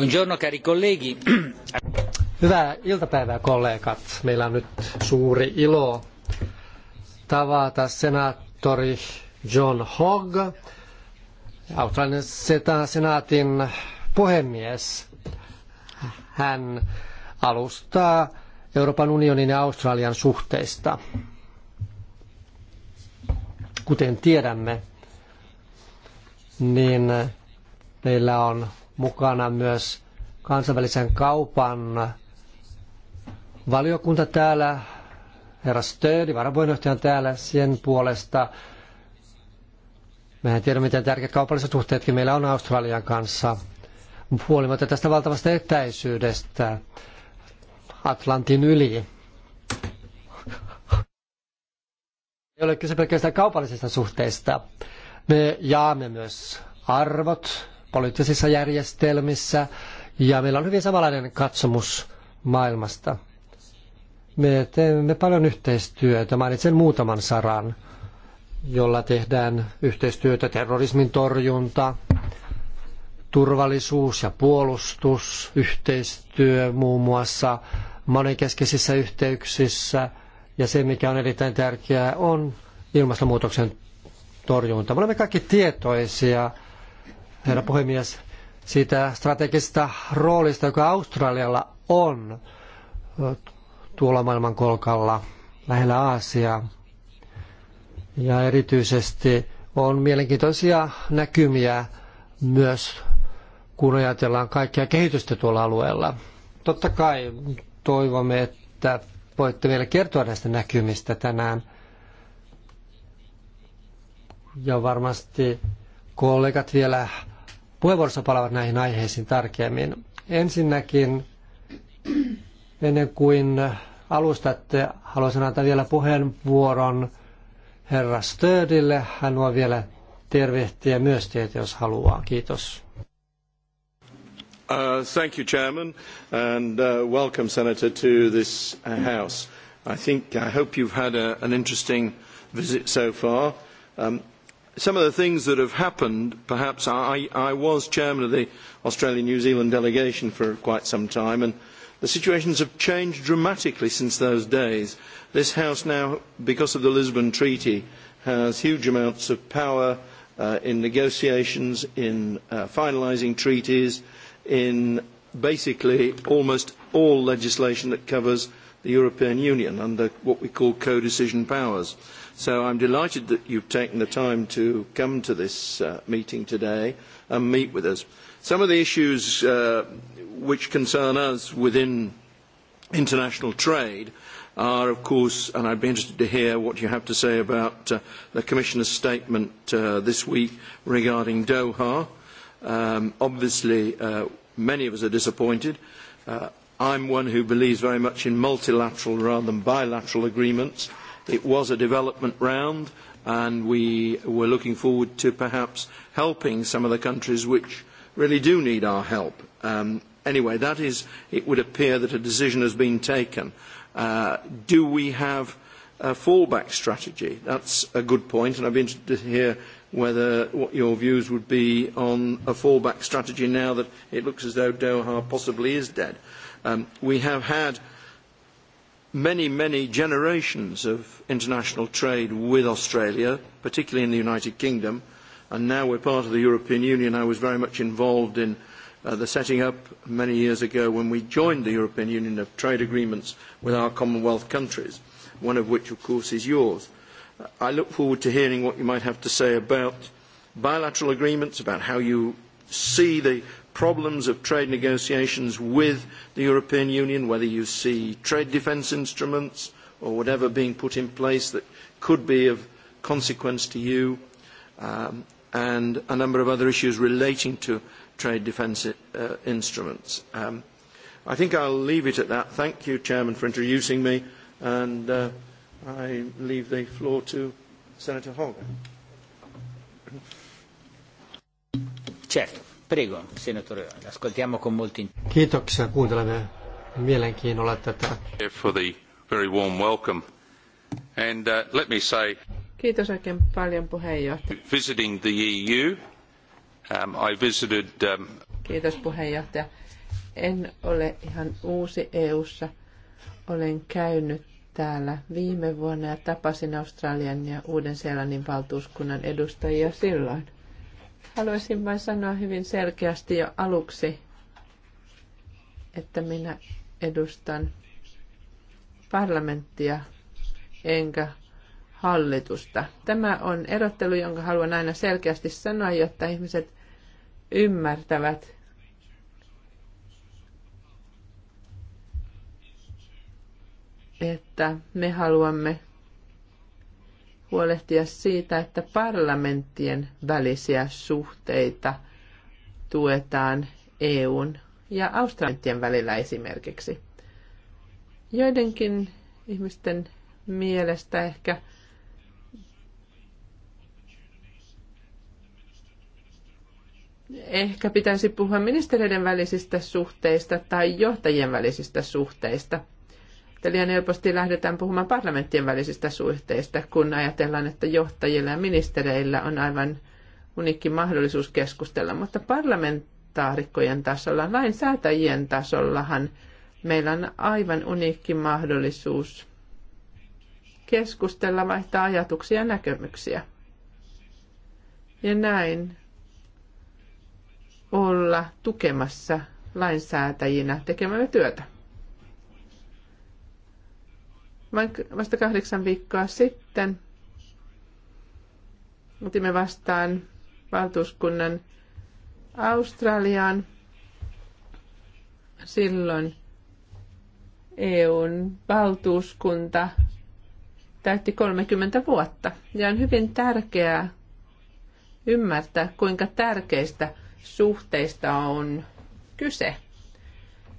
Buongiorno cari colleghi. Hyvää iltapäivää kollegat. Meillä on nyt suuri ilo tavata senaattori John Hogg, australian senaatin puhemies. Hän alustaa Euroopan unionin ja Australian suhteista. Kuten tiedämme, niin meillä on mukana myös kansainvälisen kaupan valiokunta täällä, herra Stöödi, varapuheenjohtaja on täällä sen puolesta. Mehän tiedämme, miten tärkeät kaupalliset suhteetkin meillä on Australian kanssa. Huolimatta tästä valtavasta etäisyydestä Atlantin yli. Ei ole kyse pelkästään kaupallisista suhteista. Me jaamme myös arvot, poliittisissa järjestelmissä ja meillä on hyvin samanlainen katsomus maailmasta. Me teemme paljon yhteistyötä. Mainitsen muutaman saran, jolla tehdään yhteistyötä terrorismin torjunta, turvallisuus ja puolustus, yhteistyö muun muassa monenkeskisissä yhteyksissä ja se, mikä on erittäin tärkeää, on ilmastonmuutoksen torjunta. Me olemme kaikki tietoisia herra puhemies, siitä strategisesta roolista, joka Australialla on tuolla maailmankolkalla lähellä Aasiaa. Ja erityisesti on mielenkiintoisia näkymiä myös, kun ajatellaan kaikkea kehitystä tuolla alueella. Totta kai toivomme, että voitte vielä kertoa näistä näkymistä tänään. Ja varmasti kollegat vielä puheenvuorossa palaavat näihin aiheisiin tarkemmin. Ensinnäkin, ennen kuin alustatte, haluaisin antaa vielä puheenvuoron herra Stödille. Hän voi vielä tervehtiä myös teitä, jos haluaa. Kiitos. Uh, thank you, Chairman, and uh, welcome, Senator, to this uh, House. I think, I hope you've had a, uh, an interesting visit so far. Um, some of the things that have happened, perhaps I, I was chairman of the Australia New Zealand delegation for quite some time, and the situations have changed dramatically since those days. This House now, because of the Lisbon Treaty, has huge amounts of power uh, in negotiations, in uh, finalising treaties, in basically almost all legislation that covers the European Union under what we call co-decision powers. Uh, So I'm delighted that you've taken the time to come to this uh, meeting today and meet with us. Some of the issues uh, which concern us within international trade are, of course, and I'd be interested to hear what you have to say about uh, the Commissioner's statement uh, this week regarding Doha. Um, obviously, uh, many of us are disappointed. Uh, I'm one who believes very much in multilateral rather than bilateral agreements. Uh, It was a development round, and we were looking forward to perhaps helping some of the countries which really do need our help. Um, anyway, that is, it would appear that a decision has been taken. Uh, do we have a fallback strategy? That's a good point, and I'd be interested to hear whether what your views would be on a fallback strategy now that it looks as though Doha possibly is dead. Um, we have had many, many generations of international trade with Australia, particularly in the United Kingdom, and now we're part of the European Union. I was very much involved in uh, the setting up many years ago when we joined the European Union of trade agreements with our Commonwealth countries, one of which, of course, is yours. I look forward to hearing what you might have to say about bilateral agreements, about how you see the problems of trade negotiations with the European Union, whether you see trade defence instruments or whatever being put in place that could be of consequence to you, um, and a number of other issues relating to trade defence uh, instruments. Um, I think I'll leave it at that. Thank you, Chairman, for introducing me, and uh, I leave the floor to Senator Hogan. Certo. Prego, senatore, ascoltiamo con molti... Kiitoksia, kuuntelemme mielenkiinnolla tätä. For the very warm welcome. And uh, let me say... Kiitos oikein paljon puheenjohtaja. Visiting the EU, um, I visited... Um... Kiitos puheenjohtaja. En ole ihan uusi EU:ssa. Olen käynyt täällä viime vuonna ja tapasin Australian ja Uuden-Seelannin valtuuskunnan edustajia silloin. Haluaisin vain sanoa hyvin selkeästi jo aluksi, että minä edustan parlamenttia enkä hallitusta. Tämä on erottelu, jonka haluan aina selkeästi sanoa, jotta ihmiset ymmärtävät, että me haluamme huolehtia siitä, että parlamenttien välisiä suhteita tuetaan EUn ja Australian välillä esimerkiksi. Joidenkin ihmisten mielestä ehkä ehkä pitäisi puhua ministereiden välisistä suhteista tai johtajien välisistä suhteista – liian helposti lähdetään puhumaan parlamenttien välisistä suhteista, kun ajatellaan, että johtajilla ja ministereillä on aivan unikki mahdollisuus keskustella, mutta parlamentaarikkojen tasolla, lainsäätäjien tasollahan meillä on aivan unikki mahdollisuus keskustella, vaihtaa ajatuksia ja näkemyksiä. Ja näin olla tukemassa lainsäätäjinä tekemämme työtä. Vasta kahdeksan viikkoa sitten otimme vastaan valtuuskunnan Australiaan. Silloin EUn valtuuskunta täytti 30 vuotta. Ja on hyvin tärkeää ymmärtää, kuinka tärkeistä suhteista on kyse –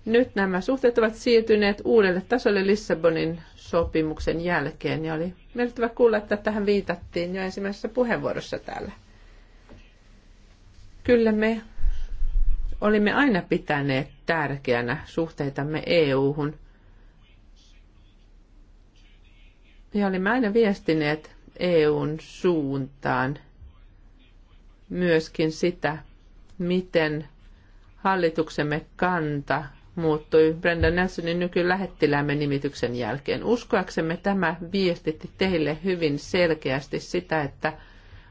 nyt nämä suhteet ovat siirtyneet uudelle tasolle Lissabonin sopimuksen jälkeen ja oli miellyttävä kuulla, että tähän viitattiin jo ensimmäisessä puheenvuorossa täällä. Kyllä me olimme aina pitäneet tärkeänä suhteitamme EU-hun ja olimme aina viestineet EUn suuntaan myöskin sitä, miten hallituksemme kanta muuttui Brenda Nelsonin nykylähettiläämme nimityksen jälkeen. Uskoaksemme tämä viestitti teille hyvin selkeästi sitä, että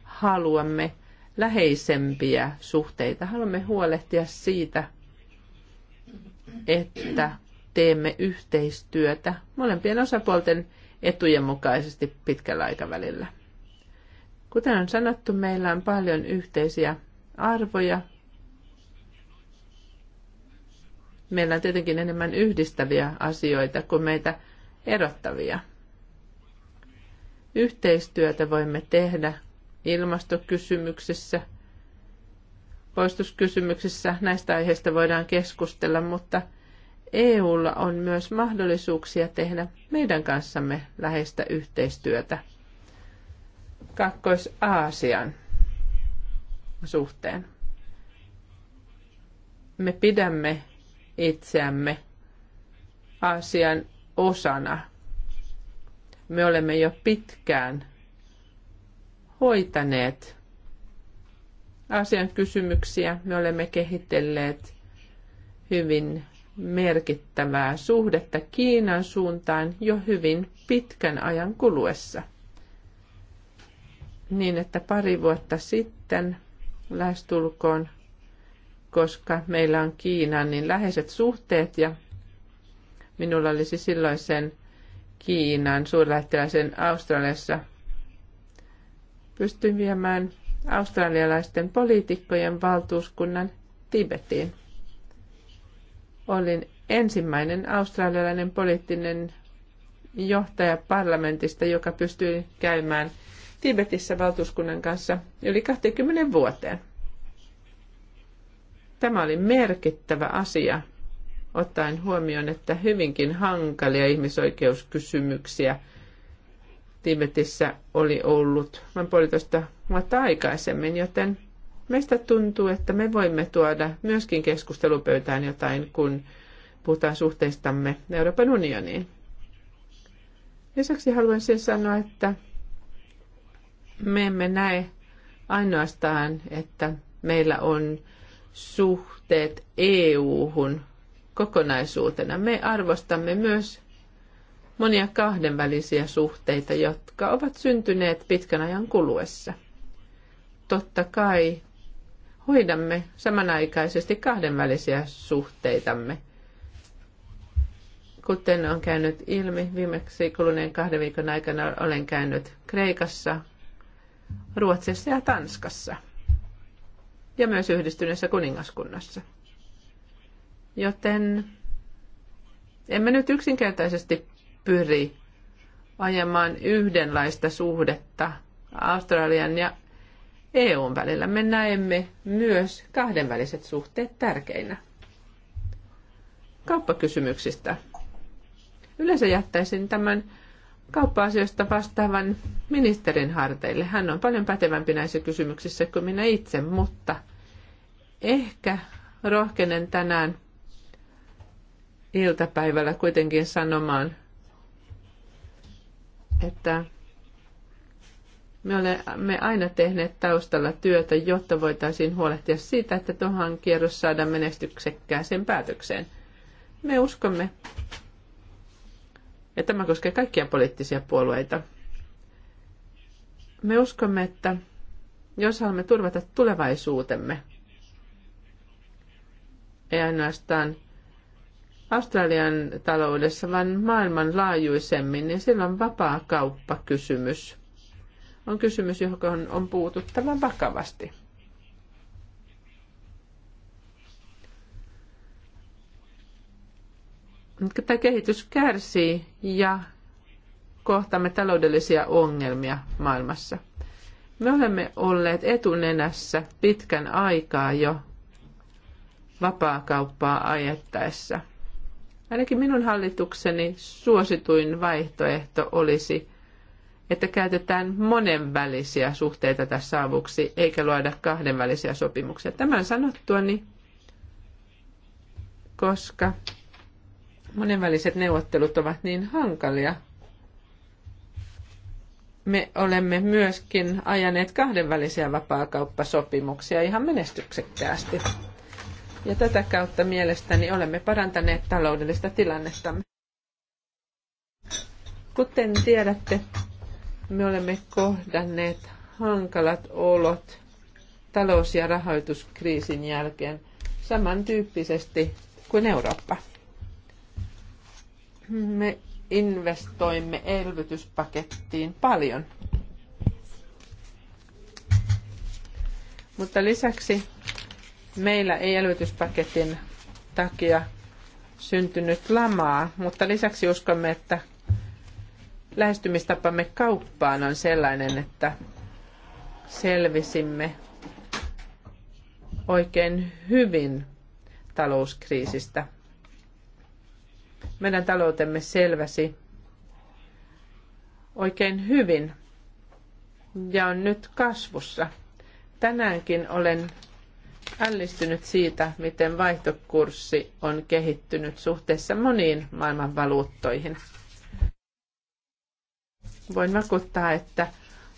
haluamme läheisempiä suhteita. Haluamme huolehtia siitä, että teemme yhteistyötä molempien osapuolten etujen mukaisesti pitkällä aikavälillä. Kuten on sanottu, meillä on paljon yhteisiä arvoja, Meillä on tietenkin enemmän yhdistäviä asioita kuin meitä erottavia. Yhteistyötä voimme tehdä ilmastokysymyksissä, poistuskysymyksissä. Näistä aiheista voidaan keskustella, mutta EUlla on myös mahdollisuuksia tehdä meidän kanssamme läheistä yhteistyötä Kakkois-Aasian suhteen. Me pidämme itseämme asian osana. Me olemme jo pitkään hoitaneet asian kysymyksiä. Me olemme kehitelleet hyvin merkittävää suhdetta Kiinan suuntaan jo hyvin pitkän ajan kuluessa. Niin, että pari vuotta sitten lähestulkoon koska meillä on Kiinan niin läheiset suhteet ja minulla olisi sen Kiinan suurlähettiläisen Australiassa. pystyn viemään australialaisten poliitikkojen valtuuskunnan Tibetiin. Olin ensimmäinen australialainen poliittinen johtaja parlamentista, joka pystyi käymään Tibetissä valtuuskunnan kanssa yli 20 vuoteen. Tämä oli merkittävä asia, ottaen huomioon, että hyvinkin hankalia ihmisoikeuskysymyksiä Tibetissä oli ollut noin puolitoista vuotta aikaisemmin, joten meistä tuntuu, että me voimme tuoda myöskin keskustelupöytään jotain, kun puhutaan suhteistamme Euroopan unioniin. Lisäksi haluan haluaisin siis sanoa, että me emme näe ainoastaan, että meillä on suhteet EU-hun kokonaisuutena. Me arvostamme myös monia kahdenvälisiä suhteita, jotka ovat syntyneet pitkän ajan kuluessa. Totta kai hoidamme samanaikaisesti kahdenvälisiä suhteitamme. Kuten on käynyt ilmi, viimeksi kuluneen kahden viikon aikana olen käynyt Kreikassa, Ruotsissa ja Tanskassa – ja myös yhdistyneessä kuningaskunnassa. Joten emme nyt yksinkertaisesti pyri ajamaan yhdenlaista suhdetta Australian ja EUn välillä. Me näemme myös kahdenväliset suhteet tärkeinä. Kauppakysymyksistä. Yleensä jättäisin tämän kauppa-asioista vastaavan ministerin harteille. Hän on paljon pätevämpi näissä kysymyksissä kuin minä itse, mutta – Ehkä rohkenen tänään iltapäivällä kuitenkin sanomaan, että me olemme aina tehneet taustalla työtä, jotta voitaisiin huolehtia siitä, että tuohon kierros saadaan menestyksekkääseen päätökseen. Me uskomme, ja tämä koskee kaikkia poliittisia puolueita, me uskomme, että jos haluamme turvata tulevaisuutemme, ei ainoastaan Australian taloudessa, vaan maailmanlaajuisemmin, niin sillä on vapaa kauppakysymys on kysymys, johon on puututtava vakavasti. Tämä kehitys kärsii ja kohtaamme taloudellisia ongelmia maailmassa. Me olemme olleet etunenässä pitkän aikaa jo vapaakauppaa ajettaessa. Ainakin minun hallitukseni suosituin vaihtoehto olisi, että käytetään monenvälisiä suhteita tässä avuksi, eikä luoda kahdenvälisiä sopimuksia. Tämän niin koska monenväliset neuvottelut ovat niin hankalia, me olemme myöskin ajaneet kahdenvälisiä vapaakauppasopimuksia ihan menestyksekkäästi. Ja tätä kautta mielestäni olemme parantaneet taloudellista tilannettamme. Kuten tiedätte, me olemme kohdanneet hankalat olot talous- ja rahoituskriisin jälkeen samantyyppisesti kuin Eurooppa. Me investoimme elvytyspakettiin paljon. Mutta lisäksi Meillä ei elvytyspaketin takia syntynyt lamaa, mutta lisäksi uskomme, että lähestymistapamme kauppaan on sellainen, että selvisimme oikein hyvin talouskriisistä. Meidän taloutemme selväsi oikein hyvin ja on nyt kasvussa. Tänäänkin olen ällistynyt siitä, miten vaihtokurssi on kehittynyt suhteessa moniin maailman valuuttoihin. Voin vakuuttaa, että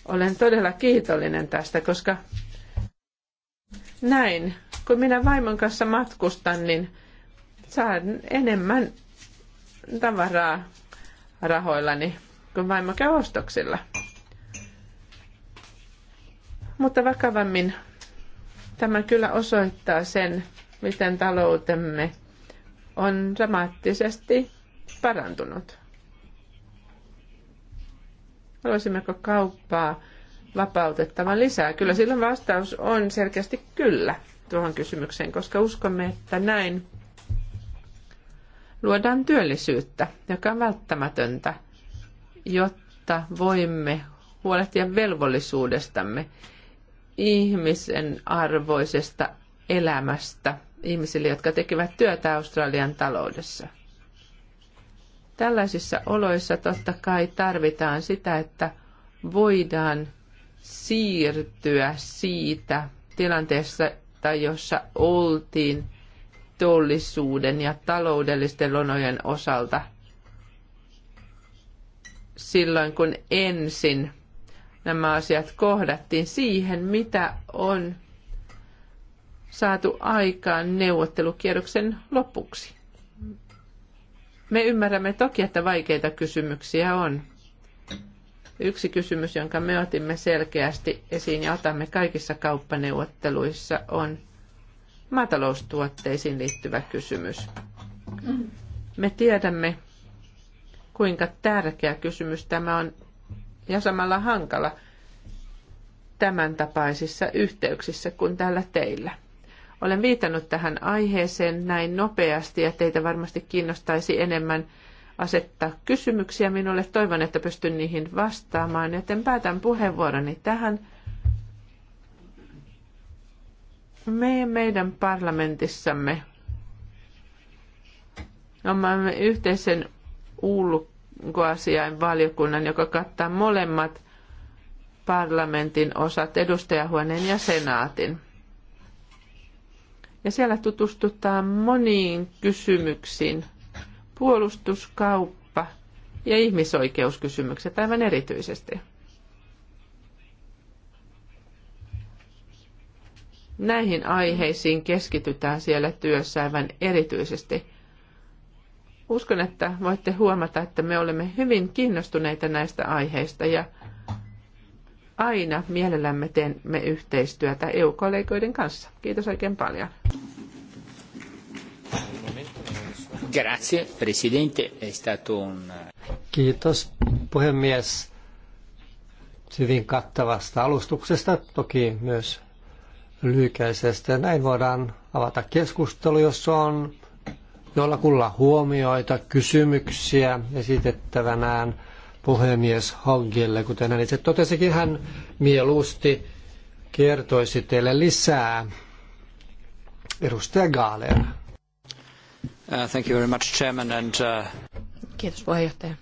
olen todella kiitollinen tästä, koska näin, kun minä vaimon kanssa matkustan, niin saan enemmän tavaraa rahoillani, kuin vaimo käy ostoksilla. Mutta vakavammin Tämä kyllä osoittaa sen, miten taloutemme on dramaattisesti parantunut. Haluaisimmeko kauppaa vapautettavan lisää? Kyllä silloin vastaus on selkeästi kyllä tuohon kysymykseen, koska uskomme, että näin luodaan työllisyyttä, joka on välttämätöntä, jotta voimme huolehtia velvollisuudestamme ihmisen arvoisesta elämästä ihmisille, jotka tekevät työtä Australian taloudessa. Tällaisissa oloissa totta kai tarvitaan sitä, että voidaan siirtyä siitä tilanteesta, jossa oltiin teollisuuden ja taloudellisten lonojen osalta silloin, kun ensin nämä asiat kohdattiin siihen, mitä on saatu aikaan neuvottelukierroksen lopuksi. Me ymmärrämme toki, että vaikeita kysymyksiä on. Yksi kysymys, jonka me otimme selkeästi esiin ja otamme kaikissa kauppaneuvotteluissa, on maataloustuotteisiin liittyvä kysymys. Mm-hmm. Me tiedämme, kuinka tärkeä kysymys tämä on ja samalla hankala tämän tapaisissa yhteyksissä kuin täällä teillä. Olen viitannut tähän aiheeseen näin nopeasti ja teitä varmasti kiinnostaisi enemmän asettaa kysymyksiä minulle. Toivon, että pystyn niihin vastaamaan, joten päätän puheenvuoroni tähän. Me meidän parlamentissamme omamme yhteisen ulko- ulkoasiain valiokunnan, joka kattaa molemmat parlamentin osat, edustajahuoneen ja senaatin. Ja siellä tutustutaan moniin kysymyksiin, puolustuskauppa ja ihmisoikeuskysymykset aivan erityisesti. Näihin aiheisiin keskitytään siellä työssä aivan erityisesti. Uskon, että voitte huomata, että me olemme hyvin kiinnostuneita näistä aiheista ja aina mielellämme teemme yhteistyötä EU-kollegoiden kanssa. Kiitos oikein paljon. Grazie, Presidente. È stato un... Kiitos, puhemies, hyvin kattavasta alustuksesta, toki myös lyhykäisestä. Näin voidaan avata keskustelu, jos on kulla huomioita, kysymyksiä esitettävänään puhemies Hogille. Kuten hän itse totesikin, hän mieluusti kertoisi teille lisää. Edustaja Gaaler. Uh, thank you very much, Chairman. And, uh... Kiitos puheenjohtaja.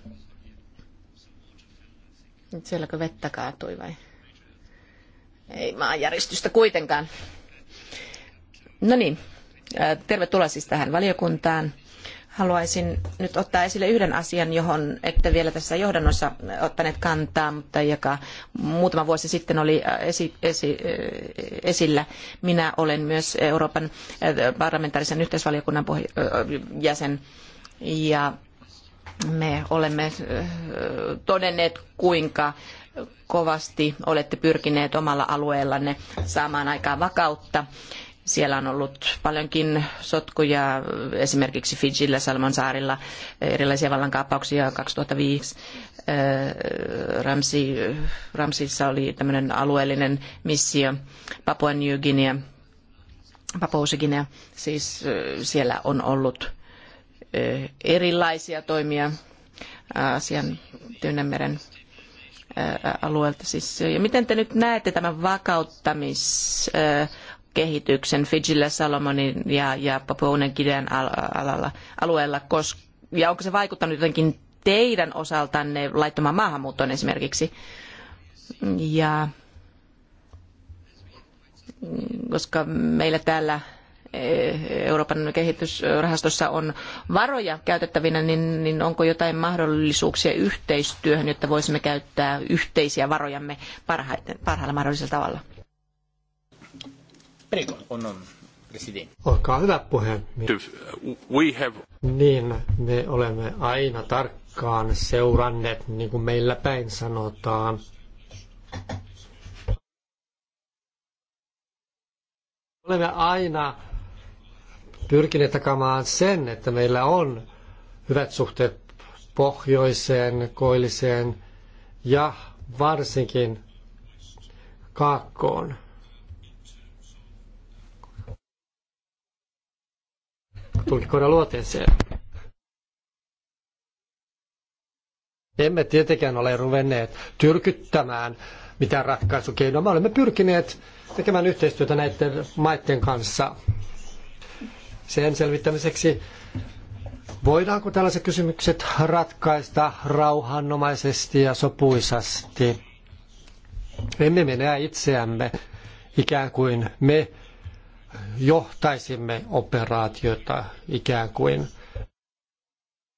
Nyt sielläkö vettä kaatui vai? Ei maanjäristystä kuitenkaan. No niin, Tervetuloa siis tähän valiokuntaan. Haluaisin nyt ottaa esille yhden asian, johon ette vielä tässä johdannossa ottaneet kantaa, mutta joka muutama vuosi sitten oli esi, esi, esillä. Minä olen myös Euroopan parlamentaarisen yhteisvaliokunnan jäsen ja me olemme todenneet, kuinka kovasti olette pyrkineet omalla alueellanne saamaan aikaan vakautta siellä on ollut paljonkin sotkuja, esimerkiksi Fijillä, Salman saarilla, erilaisia vallankaappauksia 2005. Äh, Ramsi, Ramsissa oli tämmöinen alueellinen missio, Papua New Guinea, Guinea. Siis äh, siellä on ollut äh, erilaisia toimia Aasian Tyynenmeren alueelta. Siis, ja miten te nyt näette tämän vakauttamis kehityksen Fijillä, Salomonin ja, ja Papuonen Kidean alalla, alueella, koska, ja onko se vaikuttanut jotenkin teidän osaltanne laittomaan maahanmuuttoon esimerkiksi? Ja koska meillä täällä e, Euroopan kehitysrahastossa on varoja käytettävinä, niin, niin onko jotain mahdollisuuksia yhteistyöhön, jotta voisimme käyttää yhteisiä varojamme parhaiten, parhaalla mahdollisella tavalla? Prego, on presidentti. Olkaa hyvä puhemies. Uh, we have... Niin, me olemme aina tarkkaan seuranneet, niin kuin meillä päin sanotaan. Olemme aina pyrkineet takamaan sen, että meillä on hyvät suhteet pohjoiseen, koilliseen ja varsinkin kaakkoon. tulkikohdan luoteeseen. Emme tietenkään ole ruvenneet tyrkyttämään mitään ratkaisukeinoa. Me olemme pyrkineet tekemään yhteistyötä näiden maiden kanssa sen selvittämiseksi, voidaanko tällaiset kysymykset ratkaista rauhanomaisesti ja sopuisasti. Emme me näe itseämme ikään kuin me johtaisimme operaatiota ikään kuin.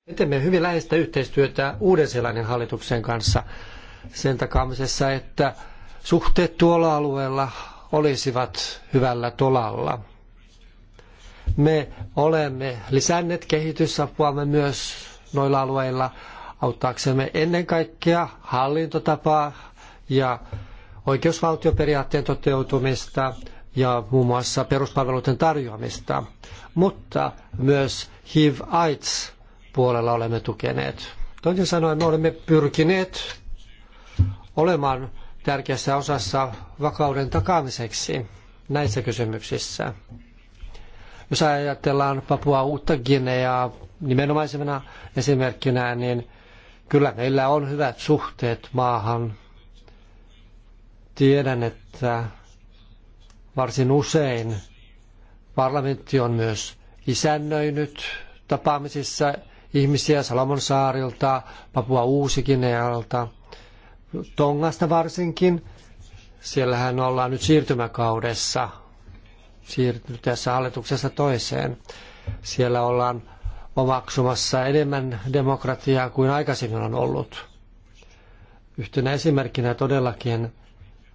Me teemme hyvin läheistä yhteistyötä uuden hallituksen kanssa sen takaamisessa, että suhteet tuolla alueella olisivat hyvällä tolalla. Me olemme lisänneet kehitysapuamme myös noilla alueilla auttaaksemme ennen kaikkea hallintotapaa ja oikeusvaltioperiaatteen toteutumista, ja muun muassa peruspalveluiden tarjoamista, mutta myös HIV-AIDS puolella olemme tukeneet. Toisin sanoen me olemme pyrkineet olemaan tärkeässä osassa vakauden takaamiseksi näissä kysymyksissä. Jos ajatellaan Papua uutta Gineaa nimenomaisena esimerkkinä, niin kyllä meillä on hyvät suhteet maahan. Tiedän, että Varsin usein parlamentti on myös isännöinyt tapaamisissa ihmisiä Salomon saarilta, Papua Uusikinealta, Tongasta varsinkin. Siellähän ollaan nyt siirtymäkaudessa, siirtyessä hallituksesta toiseen. Siellä ollaan omaksumassa enemmän demokratiaa kuin aikaisemmin on ollut. Yhtenä esimerkkinä todellakin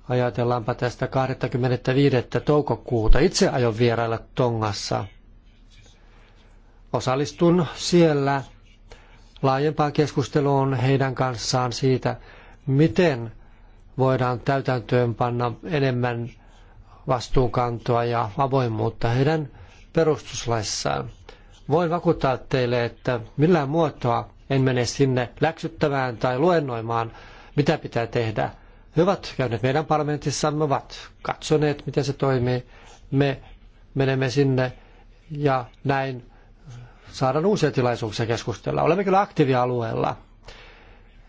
Ajatellaanpa tästä 25. toukokuuta. Itse aion vierailla Tongassa. Osallistun siellä laajempaan keskusteluun heidän kanssaan siitä, miten voidaan täytäntöön panna enemmän vastuunkantoa ja avoimuutta heidän perustuslaissaan. Voin vakuuttaa teille, että millään muotoa en mene sinne läksyttävään tai luennoimaan, mitä pitää tehdä – he ovat käyneet meidän parlamentissamme, ovat katsoneet, miten se toimii. Me menemme sinne ja näin saadaan uusia tilaisuuksia keskustella. Olemme kyllä aktiivia alueella.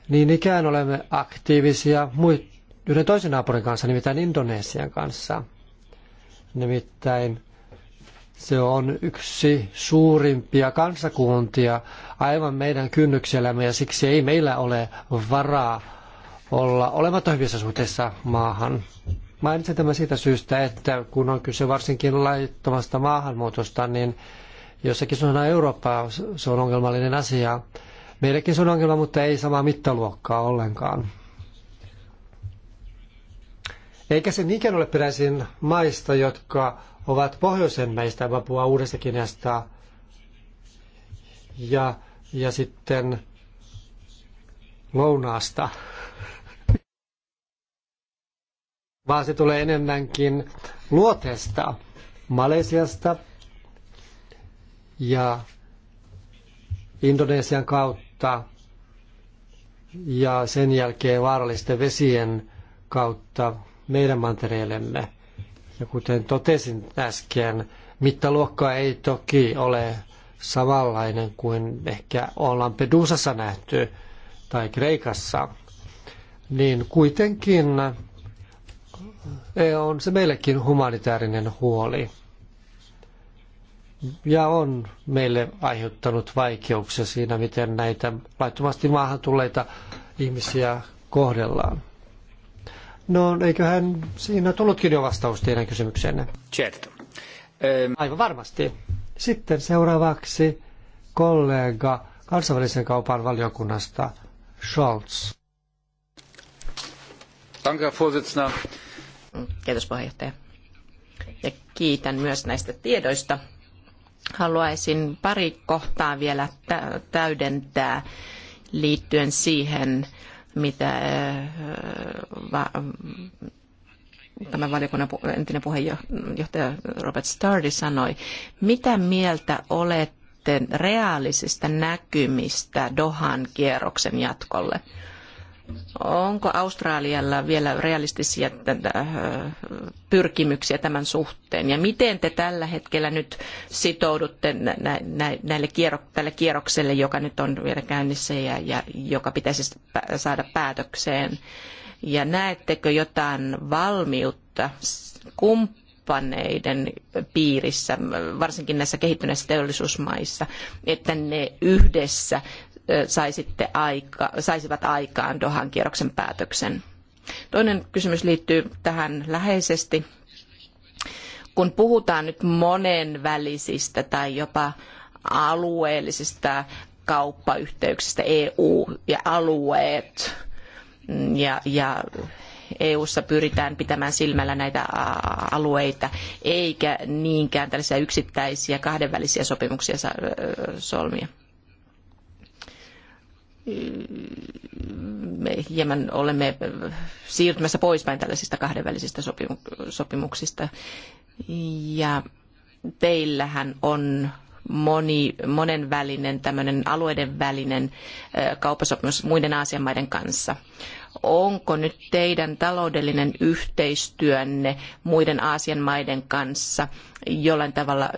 Niin ikään olemme aktiivisia yhden toisen naapurin kanssa, nimittäin Indonesian kanssa. Nimittäin se on yksi suurimpia kansakuntia aivan meidän kynnyksellämme ja siksi ei meillä ole varaa olla olematta hyvissä suhteissa maahan. Mainitsen tämän siitä syystä, että kun on kyse varsinkin laittomasta maahanmuutosta, niin jossakin suunnassa Eurooppaa se on ongelmallinen asia. Meillekin se on ongelma, mutta ei samaa mittaluokkaa ollenkaan. Eikä se niinkään ole peräisin maista, jotka ovat pohjoisen meistä vapua uudesta ja, ja sitten lounaasta. vaan se tulee enemmänkin luoteesta, Malesiasta ja Indonesian kautta ja sen jälkeen vaarallisten vesien kautta meidän mantereellemme. Ja kuten totesin äsken, mittaluokka ei toki ole samanlainen kuin ehkä on Lampedusassa nähty tai Kreikassa, niin kuitenkin E, on se meillekin humanitaarinen huoli ja on meille aiheuttanut vaikeuksia siinä, miten näitä laittomasti maahan tulleita ihmisiä kohdellaan. No, eiköhän siinä tullutkin jo vastaus teidän kysymykseenne. Certo. Aivan varmasti. Sitten seuraavaksi kollega kansainvälisen kaupan valiokunnasta, Scholz. Danke, Herr Kiitos puheenjohtaja. Ja kiitän myös näistä tiedoista. Haluaisin pari kohtaa vielä täydentää liittyen siihen, mitä äh, tämä valiokunnan entinen puheenjohtaja Robert Stardi sanoi. Mitä mieltä olette reaalisista näkymistä Dohan kierroksen jatkolle? Onko Australialla vielä realistisia äh, pyrkimyksiä tämän suhteen? Ja miten te tällä hetkellä nyt sitoudutte näille tälle kierrokselle, joka nyt on vielä käynnissä ja, ja joka pitäisi saada päätökseen? Ja näettekö jotain valmiutta kumppaneiden piirissä, varsinkin näissä kehittyneissä teollisuusmaissa, että ne yhdessä saisitte aika, saisivat aikaan Dohan kierroksen päätöksen. Toinen kysymys liittyy tähän läheisesti. Kun puhutaan nyt monenvälisistä tai jopa alueellisista kauppayhteyksistä, EU ja alueet, ja, ja EUssa pyritään pitämään silmällä näitä alueita, eikä niinkään tällaisia yksittäisiä kahdenvälisiä sopimuksia solmia me hieman olemme siirtymässä poispäin tällaisista kahdenvälisistä sopimuksista. Ja teillähän on moni, monenvälinen, tämmöinen alueiden välinen kauppasopimus muiden Aasian maiden kanssa. Onko nyt teidän taloudellinen yhteistyönne muiden Aasian maiden kanssa jollain tavalla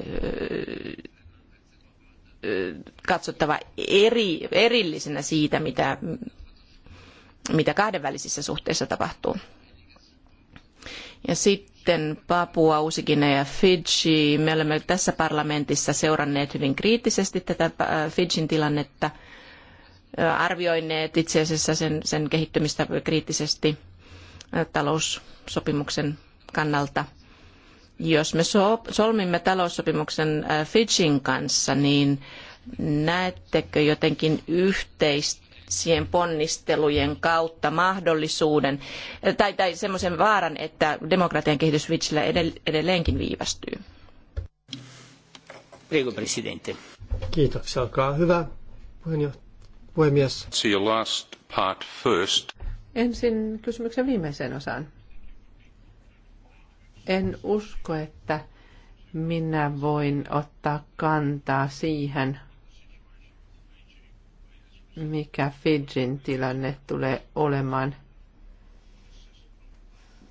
katsottava eri, erillisenä siitä, mitä, mitä kahdenvälisissä suhteissa tapahtuu. Ja sitten Papua, Uusikine ja Fidji. Me olemme tässä parlamentissa seuranneet hyvin kriittisesti tätä äh, Fidjin tilannetta, arvioineet itse asiassa sen, sen kehittymistä kriittisesti taloussopimuksen kannalta – jos me solmimme taloussopimuksen äh, Fidjin kanssa, niin näettekö jotenkin yhteisien ponnistelujen kautta mahdollisuuden äh, tai, tai semmoisen vaaran, että demokratian kehitys Fidjillä edelleenkin viivästyy? Prego, presidente. Kiitoksia, olkaa hyvä puhemies. See your last part first. Ensin kysymyksen viimeiseen osaan. En usko, että minä voin ottaa kantaa siihen, mikä Fidjin tilanne tulee olemaan.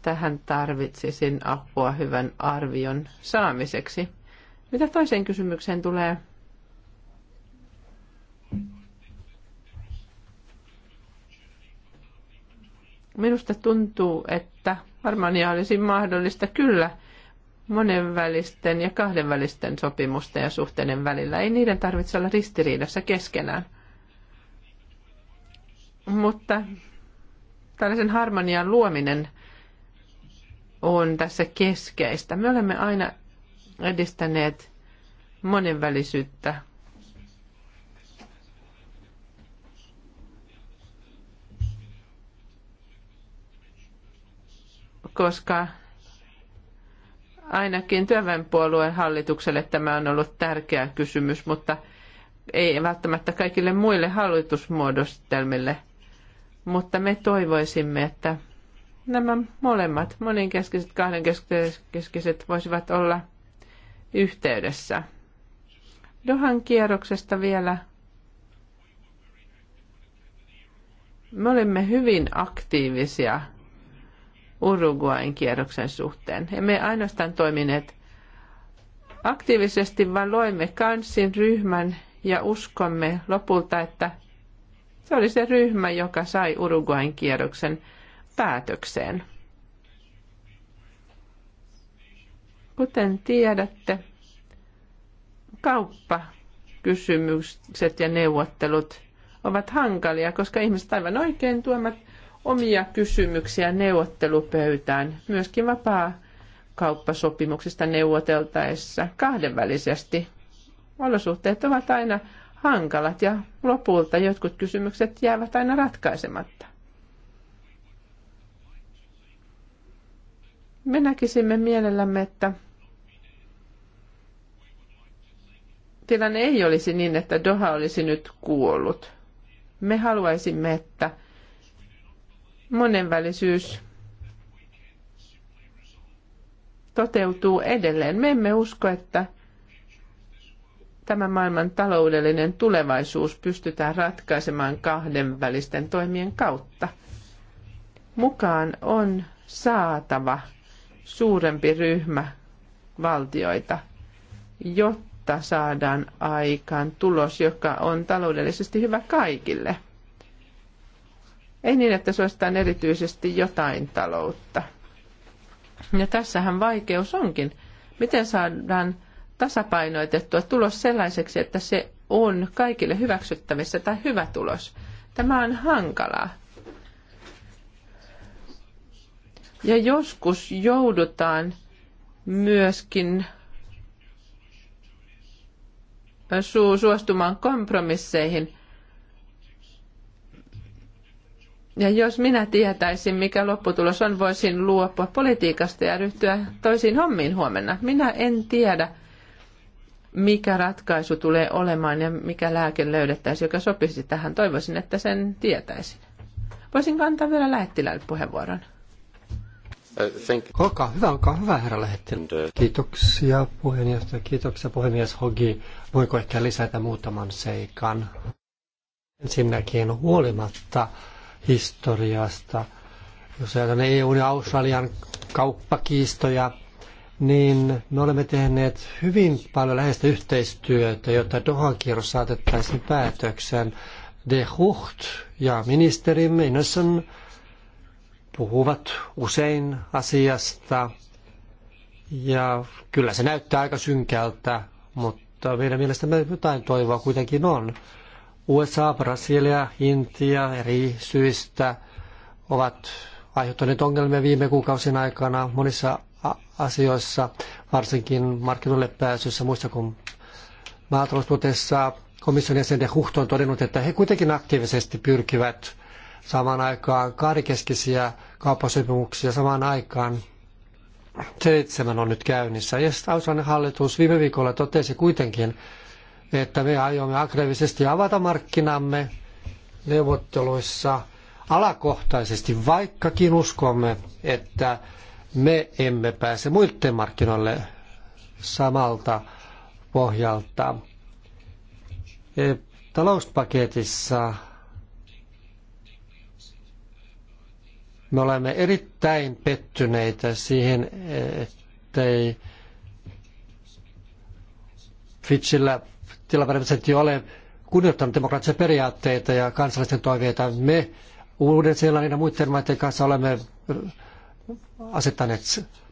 Tähän tarvitsisin apua hyvän arvion saamiseksi. Mitä toiseen kysymykseen tulee? Minusta tuntuu, että varmaan ja olisi mahdollista kyllä monenvälisten ja kahdenvälisten sopimusten ja suhteiden välillä. Ei niiden tarvitse olla ristiriidassa keskenään. Mutta tällaisen harmonian luominen on tässä keskeistä. Me olemme aina edistäneet monenvälisyyttä koska ainakin työväenpuolueen hallitukselle tämä on ollut tärkeä kysymys, mutta ei välttämättä kaikille muille hallitusmuodostelmille. Mutta me toivoisimme, että nämä molemmat, moninkeskiset, kahdenkeskiset, voisivat olla yhteydessä. Dohan kierroksesta vielä. Me olimme hyvin aktiivisia Uruguain kierroksen suhteen. Emme ainoastaan toimineet aktiivisesti, vaan loimme kansin ryhmän ja uskomme lopulta, että se oli se ryhmä, joka sai Uruguain kierroksen päätökseen. Kuten tiedätte, kauppakysymykset ja neuvottelut ovat hankalia, koska ihmiset aivan oikein tuomat omia kysymyksiä neuvottelupöytään, myöskin vapaa kauppasopimuksista neuvoteltaessa kahdenvälisesti. Olosuhteet ovat aina hankalat ja lopulta jotkut kysymykset jäävät aina ratkaisematta. Me näkisimme mielellämme, että tilanne ei olisi niin, että Doha olisi nyt kuollut. Me haluaisimme, että monenvälisyys toteutuu edelleen. Me emme usko, että tämä maailman taloudellinen tulevaisuus pystytään ratkaisemaan kahdenvälisten toimien kautta. Mukaan on saatava suurempi ryhmä valtioita, jotta saadaan aikaan tulos, joka on taloudellisesti hyvä kaikille – ei niin, että suositaan erityisesti jotain taloutta. Ja tässähän vaikeus onkin. Miten saadaan tasapainoitettua tulos sellaiseksi, että se on kaikille hyväksyttävissä tai hyvä tulos? Tämä on hankalaa. Ja joskus joudutaan myöskin suostumaan kompromisseihin, Ja jos minä tietäisin, mikä lopputulos on, voisin luopua politiikasta ja ryhtyä toisiin hommiin huomenna. Minä en tiedä, mikä ratkaisu tulee olemaan ja mikä lääke löydettäisiin, joka sopisi tähän. Toivoisin, että sen tietäisin. Voisin kantaa vielä lähettilälle puheenvuoron. Uh, olkaa hyvä, olkaa hyvä herra lähettilä. Uh, kiitoksia puheenjohtaja, kiitoksia puhemies Hogi. Voiko ehkä lisätä muutaman seikan? Ensinnäkin huolimatta historiasta. Jos ajatellaan EUn ja Australian kauppakiistoja, niin me olemme tehneet hyvin paljon läheistä yhteistyötä, jotta Dohan kierros saatettaisiin päätöksen. De Hucht ja ministeri Minnesen puhuvat usein asiasta. Ja kyllä se näyttää aika synkältä, mutta meidän mielestämme jotain toivoa kuitenkin on. USA, Brasilia, Intia eri syistä ovat aiheuttaneet ongelmia viime kuukausien aikana monissa asioissa, varsinkin markkinoille pääsyssä muissa kuin maataloustuotteissa. Komission jäsen de on todennut, että he kuitenkin aktiivisesti pyrkivät samaan aikaan kahdenkeskisiä kauppasopimuksia samaan aikaan. Seitsemän on nyt käynnissä. Ja Australian hallitus viime viikolla totesi kuitenkin, että me aiomme aggressiivisesti avata markkinamme neuvotteluissa alakohtaisesti, vaikkakin uskomme, että me emme pääse muiden markkinoille samalta pohjalta. E, talouspaketissa me olemme erittäin pettyneitä siihen, ettei Fitchillä tilapäinen ole kunnioittanut demokraattisia periaatteita ja kansalaisten toiveita. Me uuden seelannin ja muiden maiden kanssa olemme äh, asettaneet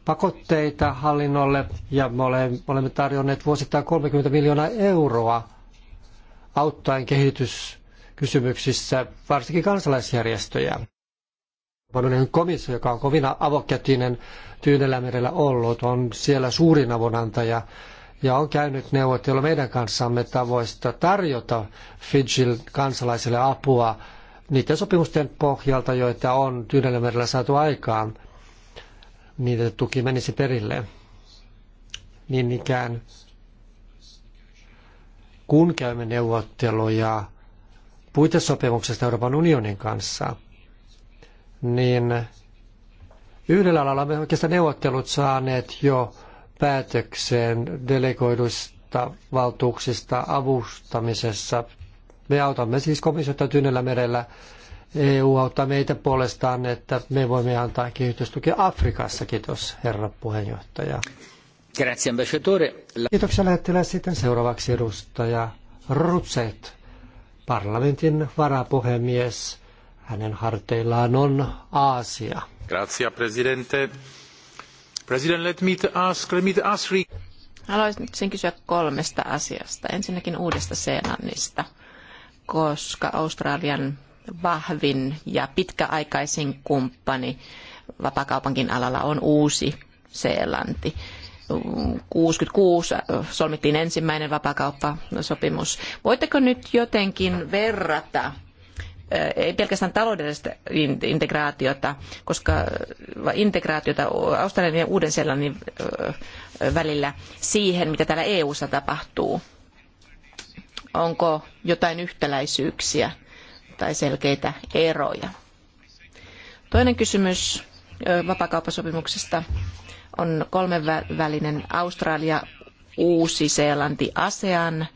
pakotteita hallinnolle ja me olemme tarjonneet vuosittain 30 miljoonaa euroa auttaen kehityskysymyksissä, varsinkin kansalaisjärjestöjä. Vanhoinen komissio, joka on kovin avokätinen Tyynellämerellä ollut, on siellä suurin avunantaja ja on käynyt neuvotteluja meidän kanssamme tavoista tarjota Fidjin kansalaisille apua niiden sopimusten pohjalta, joita on Tyynellämerellä saatu aikaan. että tuki menisi perille. Niin ikään kun käymme neuvotteluja puitesopimuksesta Euroopan unionin kanssa, niin yhdellä alalla me oikeastaan neuvottelut saaneet jo päätökseen delegoiduista valtuuksista avustamisessa. Me autamme siis komissiota Tyynellä merellä. EU auttaa meitä puolestaan, että me voimme antaa kehitystukea Afrikassa. Kiitos, herra puheenjohtaja. Grazie, Kiitoksia lähettiläs. Sitten seuraavaksi edustaja Rutset, parlamentin varapuhemies. Hänen harteillaan on Aasia. Grazie, presidente. President, let me ask, let me ask... Haluaisin kysyä kolmesta asiasta. Ensinnäkin uudesta Seelannista, koska Australian vahvin ja pitkäaikaisin kumppani vapakaupankin alalla on uusi Seelanti. 66 solmittiin ensimmäinen vapakauppasopimus. Voitteko nyt jotenkin verrata ei pelkästään taloudellista integraatiota, koska integraatiota Australian ja Uuden-Seelannin välillä siihen, mitä täällä EU:ssa tapahtuu. Onko jotain yhtäläisyyksiä tai selkeitä eroja? Toinen kysymys vapakauppasopimuksesta on kolmenvälinen Australia, Uusi-Seelanti, ASEAN,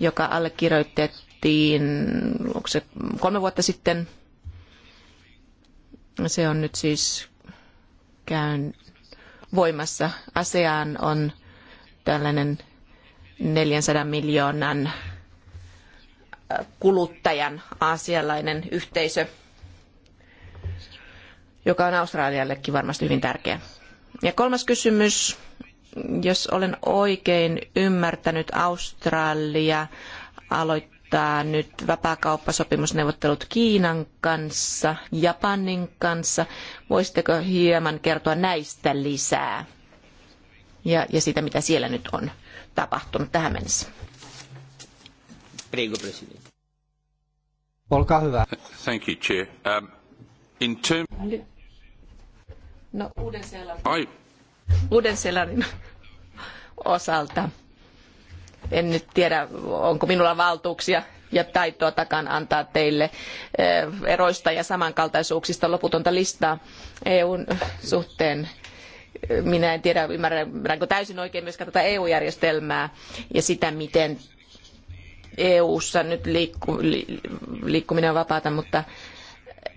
joka allekirjoitettiin aloitettiin, onko se kolme vuotta sitten. Se on nyt siis käyn voimassa. ASEAN on tällainen 400 miljoonan äh, kuluttajan aasialainen yhteisö, joka on Australiallekin varmasti hyvin tärkeä. Ja kolmas kysymys, jos olen oikein ymmärtänyt, Australia aloitti aloittaa nyt vapaakauppasopimusneuvottelut Kiinan kanssa, Japanin kanssa. Voisitteko hieman kertoa näistä lisää ja, ja siitä, mitä siellä nyt on tapahtunut tähän mennessä? Prego, Olkaa hyvä. Thank you, Chair. Um, in term... No, Uuden-Seelannin Uuden osalta en nyt tiedä, onko minulla valtuuksia ja taitoa takan antaa teille eh, eroista ja samankaltaisuuksista loputonta listaa EUn suhteen. Minä en tiedä, ymmärränkö täysin oikein myöskään tätä EU-järjestelmää ja sitä, miten EU-ssa nyt liikku, liikkuminen on vapaata, mutta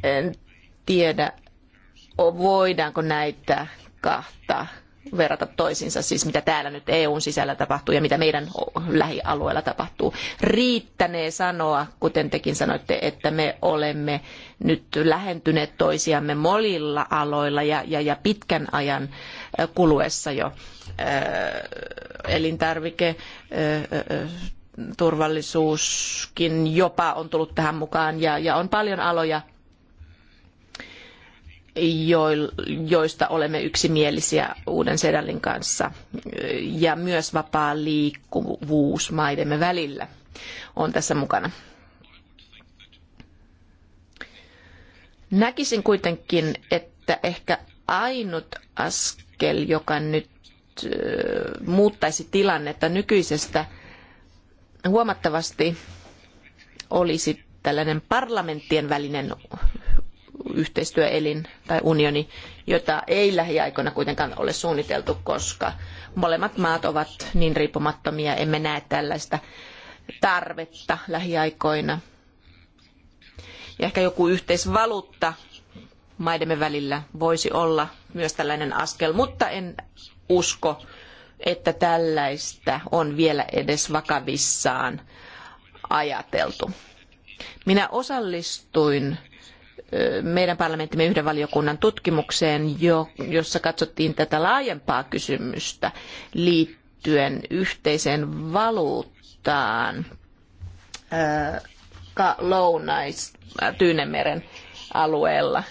en tiedä, voidaanko näitä kahta verrata toisiinsa, siis mitä täällä nyt EUn sisällä tapahtuu ja mitä meidän lähialueella tapahtuu. Riittänee sanoa, kuten tekin sanoitte, että me olemme nyt lähentyneet toisiamme molilla aloilla ja, ja, ja pitkän ajan kuluessa jo elintarvike, turvallisuuskin jopa on tullut tähän mukaan ja, ja on paljon aloja, joista olemme yksimielisiä uuden sedallin kanssa. Ja myös vapaa liikkuvuus maidemme välillä on tässä mukana. Näkisin kuitenkin, että ehkä ainut askel, joka nyt muuttaisi tilannetta nykyisestä huomattavasti, olisi tällainen parlamenttien välinen yhteistyöelin tai unioni, jota ei lähiaikoina kuitenkaan ole suunniteltu, koska molemmat maat ovat niin riippumattomia, emme näe tällaista tarvetta lähiaikoina. Ja ehkä joku yhteisvaluutta maidemme välillä voisi olla myös tällainen askel, mutta en usko, että tällaista on vielä edes vakavissaan ajateltu. Minä osallistuin meidän parlamenttimme yhden valiokunnan tutkimukseen, jossa katsottiin tätä laajempaa kysymystä liittyen yhteiseen valuuttaan lounais-Tyynemeren äh, alueella,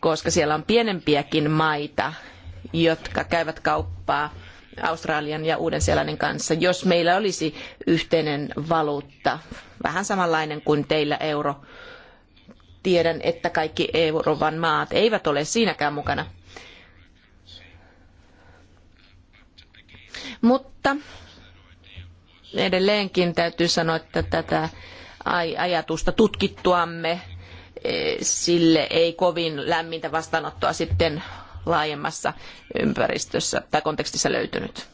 koska siellä on pienempiäkin maita, jotka käyvät kauppaa Australian ja Uuden-Seelannin kanssa, jos meillä olisi yhteinen valuutta, vähän samanlainen kuin teillä euro Tiedän, että kaikki Euroopan maat eivät ole siinäkään mukana. Mutta edelleenkin täytyy sanoa, että tätä ajatusta tutkittuamme eh, sille ei kovin lämmintä vastaanottoa sitten laajemmassa ympäristössä tai kontekstissa löytynyt.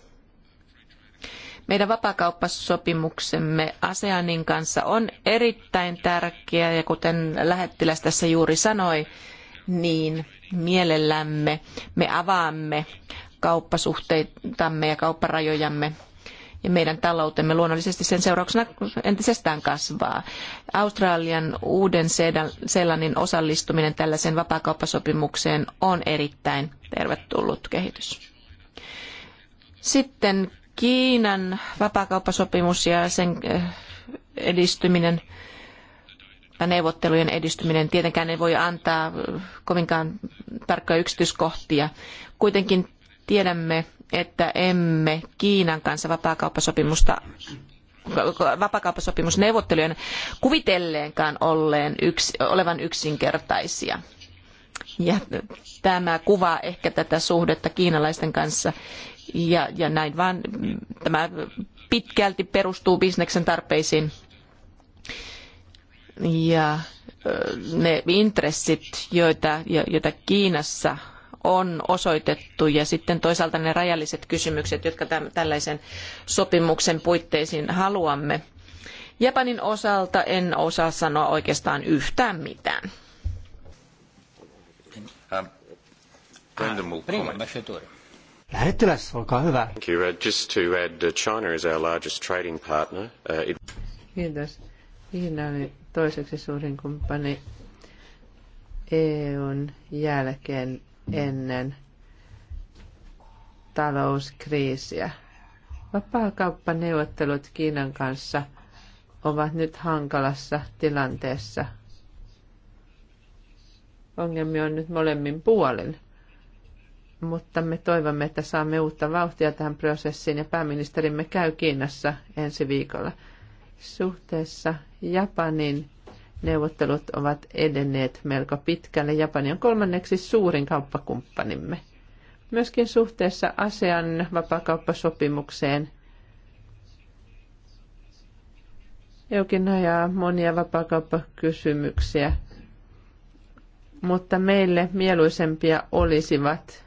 Meidän vapakauppasopimuksemme ASEANin kanssa on erittäin tärkeä ja kuten lähettiläs tässä juuri sanoi, niin mielellämme me avaamme kauppasuhteitamme ja kaupparajojamme ja meidän taloutemme luonnollisesti sen seurauksena entisestään kasvaa. Australian uuden Seelannin osallistuminen tällaiseen vapaakauppasopimukseen on erittäin tervetullut kehitys. Sitten Kiinan vapaakauppasopimus ja sen eh, edistyminen tai neuvottelujen edistyminen tietenkään ei voi antaa eh, kovinkaan tarkkoja yksityiskohtia. Kuitenkin tiedämme, että emme Kiinan kanssa vapaakauppasopimusta vapaakauppasopimusneuvottelujen kuvitelleenkaan olleen yks, olevan yksinkertaisia. Ja tämä kuvaa ehkä tätä suhdetta kiinalaisten kanssa ja, näin vaan tämä pitkälti perustuu bisneksen tarpeisiin. Ja ne intressit, joita, joita Kiinassa on osoitettu ja sitten toisaalta ne rajalliset kysymykset, jotka tällaisen sopimuksen puitteisiin haluamme. Japanin osalta en osaa sanoa oikeastaan yhtään mitään. Ah, prima, Lähettiläs, olkaa hyvä. Thank you. Uh, just to add, uh, China is our largest trading partner. Uh, it... Kiitos. Kiina oli toiseksi suurin kumppani EUn jälkeen ennen talouskriisiä. Vapaakauppaneuvottelut Kiinan kanssa ovat nyt hankalassa tilanteessa. Ongelmia on nyt molemmin puolin mutta me toivomme, että saamme uutta vauhtia tähän prosessiin ja pääministerimme käy Kiinassa ensi viikolla. Suhteessa Japanin neuvottelut ovat edenneet melko pitkälle. Japani on kolmanneksi suurin kauppakumppanimme. Myöskin suhteessa ASEAN vapakauppasopimukseen Jokin ajaa monia vapakauppakysymyksiä, mutta meille mieluisempia olisivat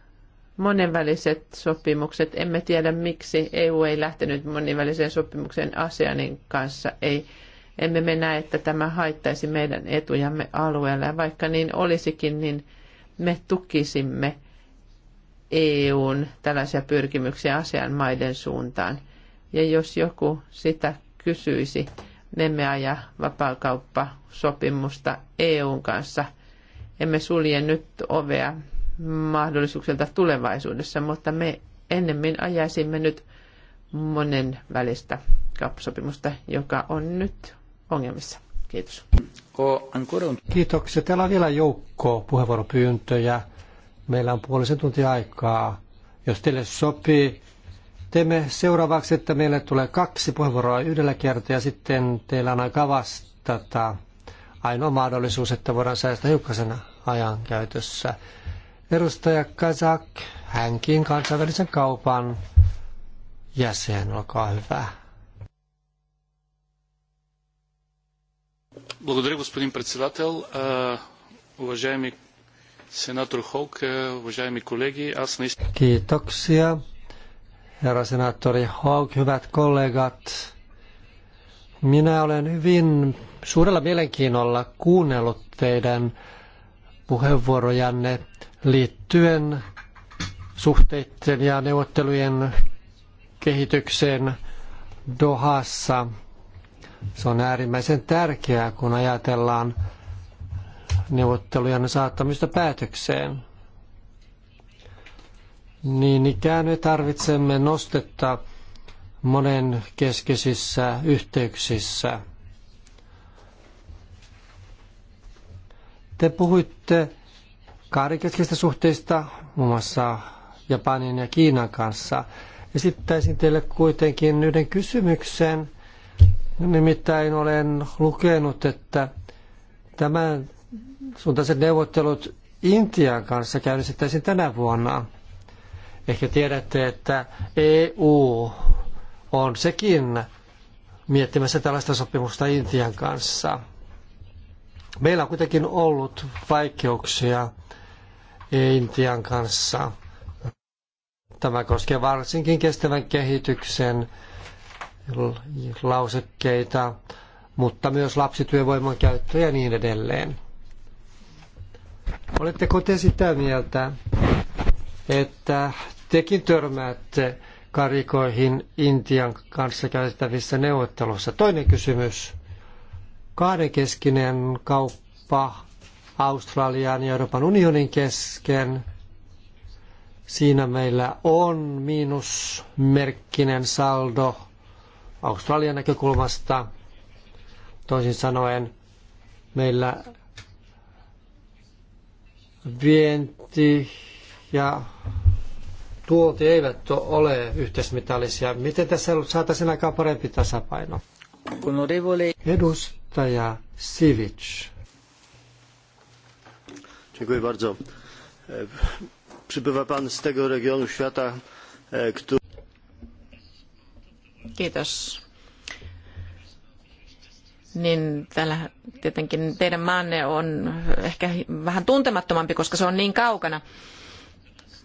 monenväliset sopimukset. Emme tiedä, miksi EU ei lähtenyt monenväliseen sopimukseen ASEANin kanssa. Ei, emme me näe, että tämä haittaisi meidän etujamme alueella. Ja vaikka niin olisikin, niin me tukisimme EUn tällaisia pyrkimyksiä ASEAN maiden suuntaan. Ja jos joku sitä kysyisi, me emme aja vapaakauppasopimusta EUn kanssa. Emme sulje nyt ovea mahdollisuuksilta tulevaisuudessa, mutta me ennemmin ajaisimme nyt monen välistä kauppasopimusta, joka on nyt ongelmissa. Kiitos. Kiitoksia. Täällä on vielä joukko puheenvuoropyyntöjä. Meillä on puolisen tuntia aikaa. Jos teille sopii, teemme seuraavaksi, että meille tulee kaksi puheenvuoroa yhdellä kertaa ja sitten teillä on aika vastata. Ainoa mahdollisuus, että voidaan säästää hiukkasena ajan käytössä. Edustaja Kazak, hänkin kansainvälisen kaupan jäsen, olkaa hyvä. Благодаря, господин председател. Уважаеми сенатор уважаеми колеги, аз наистина... Kiitoksia, herra senaattori Holk, hyvät kollegat. Minä olen hyvin suurella mielenkiinnolla kuunnellut teidän puheenvuorojanne liittyen suhteiden ja neuvottelujen kehitykseen Dohassa. Se on äärimmäisen tärkeää, kun ajatellaan neuvottelujen saattamista päätökseen. Niin ikään me tarvitsemme nostetta monen keskisissä yhteyksissä – Te puhuitte kaarikeskeistä suhteista muun muassa Japanin ja Kiinan kanssa. Esittäisin teille kuitenkin yhden kysymyksen. Nimittäin olen lukenut, että tämän suuntaiset neuvottelut Intian kanssa käynnistettäisiin tänä vuonna. Ehkä tiedätte, että EU on sekin miettimässä tällaista sopimusta Intian kanssa. Meillä on kuitenkin ollut vaikeuksia Intian kanssa. Tämä koskee varsinkin kestävän kehityksen lausekkeita, mutta myös lapsityövoiman käyttöä ja niin edelleen. Oletteko te sitä mieltä, että tekin törmäätte karikoihin Intian kanssa käytävissä neuvottelussa? Toinen kysymys kahdenkeskinen kauppa Australian ja Euroopan unionin kesken. Siinä meillä on miinusmerkkinen saldo Australian näkökulmasta. Toisin sanoen meillä vienti ja tuonti eivät ole yhteismitallisia. Miten tässä saataisiin aikaan parempi tasapaino? Onorevole. Edustaja Sivic. Dziękuję bardzo. E, przybywa pan z tego regionu świata, e, który... Kiitos. Niin täällä tietenkin teidän maanne on ehkä vähän tuntemattomampi, koska se on niin kaukana.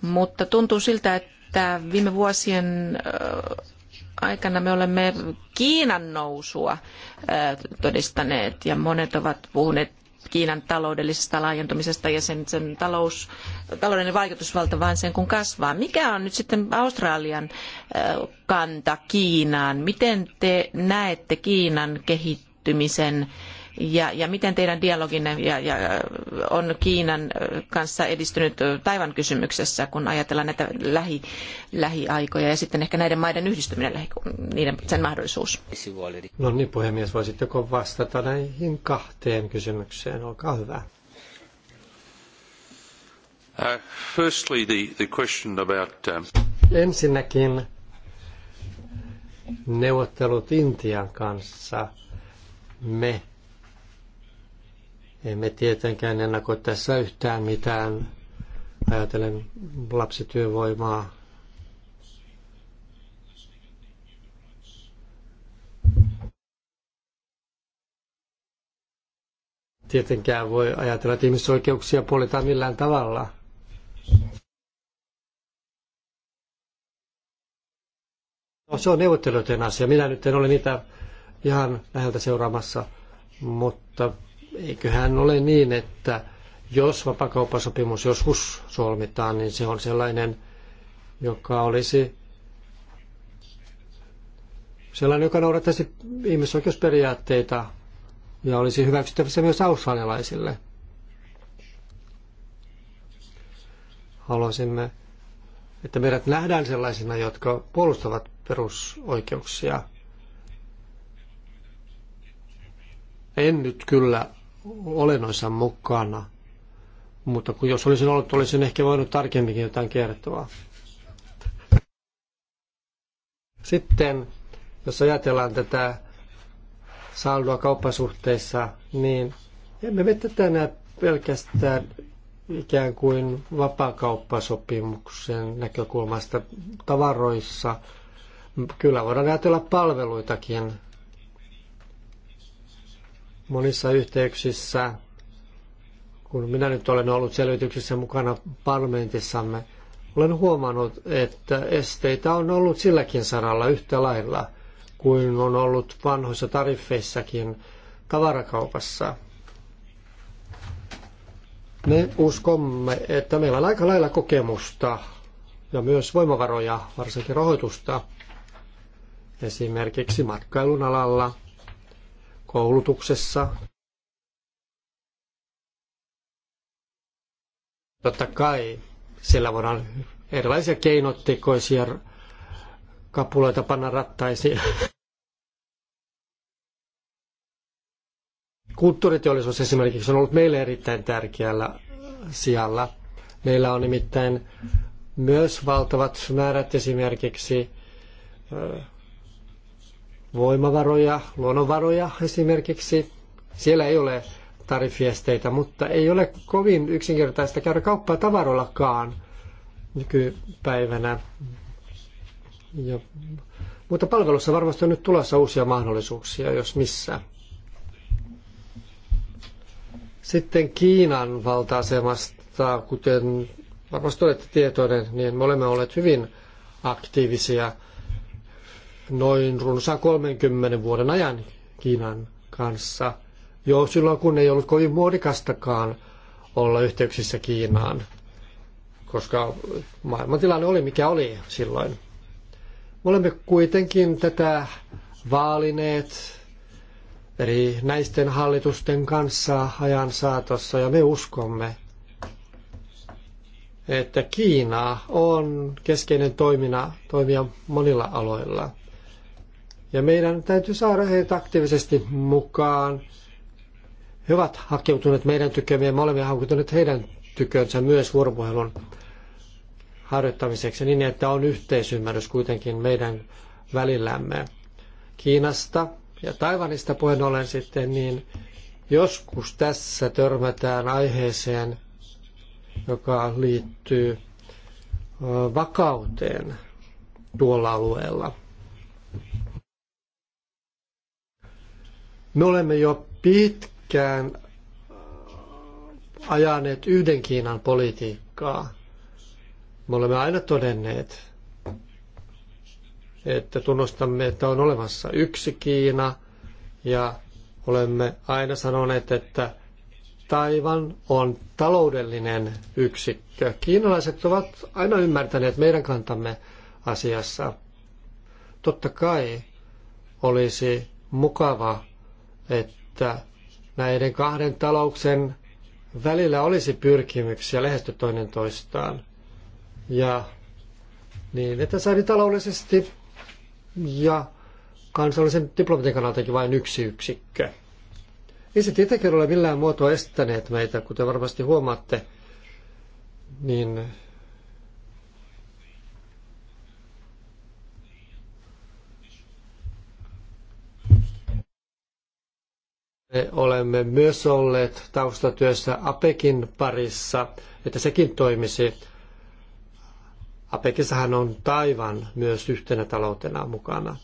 Mutta tuntuu siltä, että viime vuosien aikana me olemme Kiinan nousua todistaneet ja monet ovat puhuneet Kiinan taloudellisesta laajentumisesta ja sen, sen talous, taloudellinen vaikutusvalta vain sen kun kasvaa. Mikä on nyt sitten Australian kanta Kiinaan? Miten te näette Kiinan kehittymisen? ja, ja miten teidän dialoginne ja, ja on Kiinan kanssa edistynyt Taiwan kysymyksessä, kun ajatellaan näitä lähi, lähiaikoja ja sitten ehkä näiden maiden yhdistyminen, lähi, niiden, sen mahdollisuus? No niin, puhemies, voisitteko vastata näihin kahteen kysymykseen? Olkaa hyvä. Uh, firstly, the, the question about, um... Ensinnäkin neuvottelut Intian kanssa. Me emme tietenkään ennakoi tässä yhtään mitään. Ajatellen lapsityövoimaa. Tietenkään voi ajatella, että ihmisoikeuksia puolitaan millään tavalla. No, se on neuvottelijoiden asia. Minä nyt en ole niitä ihan läheltä seuraamassa, mutta Eiköhän ole niin, että jos vapakauppasopimus joskus solmitaan, niin se on sellainen, joka olisi sellainen, joka noudattaisi ihmisoikeusperiaatteita ja olisi hyväksyttävissä myös australialaisille. Haluaisimme, että meidät nähdään sellaisina, jotka puolustavat perusoikeuksia. En nyt kyllä olennoissa mukana. Mutta kun jos olisin ollut, olisin ehkä voinut tarkemminkin jotain kertoa. Sitten, jos ajatellaan tätä saldoa kauppasuhteissa, niin emme me tätä näe pelkästään ikään kuin vapaakauppasopimuksen näkökulmasta tavaroissa. Kyllä voidaan ajatella palveluitakin monissa yhteyksissä, kun minä nyt olen ollut selvityksissä mukana parlamentissamme, olen huomannut, että esteitä on ollut silläkin saralla yhtä lailla kuin on ollut vanhoissa tariffeissakin tavarakaupassa. Me uskomme, että meillä on aika lailla kokemusta ja myös voimavaroja, varsinkin rahoitusta, esimerkiksi matkailun alalla – koulutuksessa. Totta kai siellä voidaan erilaisia keinotekoisia kapuloita panna rattaisiin. Kulttuuriteollisuus esimerkiksi on ollut meille erittäin tärkeällä sijalla. Meillä on nimittäin myös valtavat määrät esimerkiksi voimavaroja, luonnonvaroja esimerkiksi. Siellä ei ole tariffiesteitä, mutta ei ole kovin yksinkertaista käydä kauppaa tavaroillakaan nykypäivänä. Ja, mutta palvelussa varmasti on nyt tulossa uusia mahdollisuuksia, jos missä. Sitten Kiinan valta-asemasta, kuten varmasti olette tietoinen, niin me olemme olleet hyvin aktiivisia – noin runsaan 30 vuoden ajan Kiinan kanssa, jo silloin kun ei ollut kovin muodikastakaan olla yhteyksissä Kiinaan, koska maailmantilanne oli mikä oli silloin. Me olemme kuitenkin tätä vaalineet eri näisten hallitusten kanssa ajan saatossa ja me uskomme, että Kiina on keskeinen toimina, toimija monilla aloilla – ja meidän täytyy saada heitä aktiivisesti mukaan. He ovat hakeutuneet meidän tykömiä, ja me olemme hakeutuneet heidän tykönsä myös vuoropuhelun harjoittamiseksi niin, että on yhteisymmärrys kuitenkin meidän välillämme. Kiinasta ja Taivanista puheen ollen sitten, niin joskus tässä törmätään aiheeseen, joka liittyy vakauteen tuolla alueella. Me olemme jo pitkään äh, ajaneet yhden Kiinan politiikkaa. Me olemme aina todenneet, että tunnustamme, että on olemassa yksi Kiina ja olemme aina sanoneet, että Taivan on taloudellinen yksikkö. Kiinalaiset ovat aina ymmärtäneet meidän kantamme asiassa. Totta kai olisi mukava että näiden kahden talouksen välillä olisi pyrkimyksiä lähestyä toinen toistaan. Ja niin, että saisi taloudellisesti ja kansallisen diplomatian kannaltakin vain yksi yksikkö. Ei se tietenkään ole millään muotoa estäneet meitä, kuten varmasti huomaatte, niin Me olemme myös olleet taustatyössä APEKin parissa, että sekin toimisi. APEKissahan on taivan myös yhtenä taloutena mukana.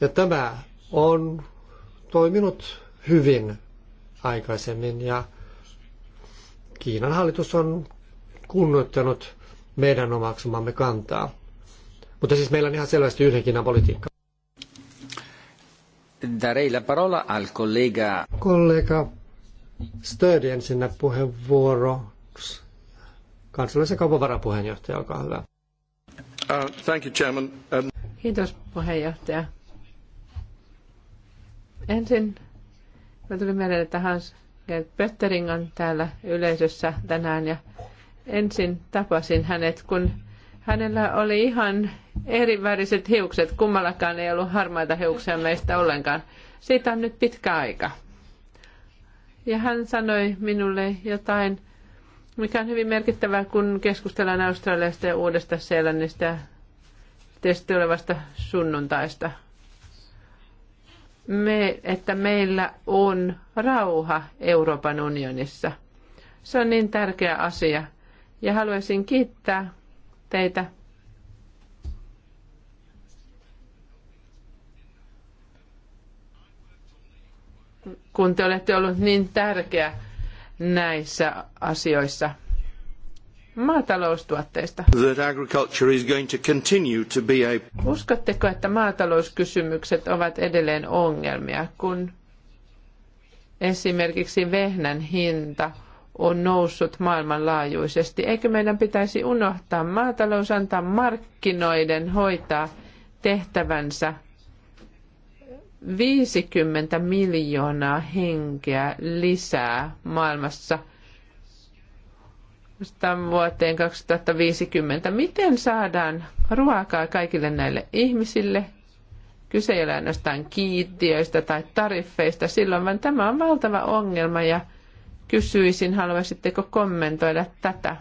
Ja tämä on toiminut hyvin aikaisemmin ja Kiinan hallitus on kunnioittanut meidän omaksumamme kantaa. Mutta siis meillä on ihan selvästi yhden Kiinan politiikka. Darei la parola al collega. Kollega Stödi ensinnä puheenvuoro. Kansallisen kaupan varapuheenjohtaja, olkaa hyvä. Uh, thank you, Chairman. Um... Kiitos puheenjohtaja. Ensin mä tuli mieleen, että Hans Pöttering on täällä yleisössä tänään ja ensin tapasin hänet, kun Hänellä oli ihan eriväriset hiukset. Kummallakaan ei ollut harmaita hiuksia meistä ollenkaan. Siitä on nyt pitkä aika. Ja hän sanoi minulle jotain, mikä on hyvin merkittävää, kun keskustellaan Australiasta ja Uudesta Seelannista ja tietysti olevasta sunnuntaista. Me, että meillä on rauha Euroopan unionissa. Se on niin tärkeä asia. Ja haluaisin kiittää teitä. kun te olette ollut niin tärkeä näissä asioissa maataloustuotteista. A... Uskotteko, että maatalouskysymykset ovat edelleen ongelmia, kun esimerkiksi vehnän hinta – on noussut maailmanlaajuisesti. Eikö meidän pitäisi unohtaa maatalous, antaa markkinoiden hoitaa tehtävänsä 50 miljoonaa henkeä lisää maailmassa tämän vuoteen 2050. Miten saadaan ruokaa kaikille näille ihmisille? Kyse ei ole ainoastaan kiintiöistä tai tariffeista silloin, vaan tämä on valtava ongelma ja kysyisin, haluaisitteko kommentoida tätä?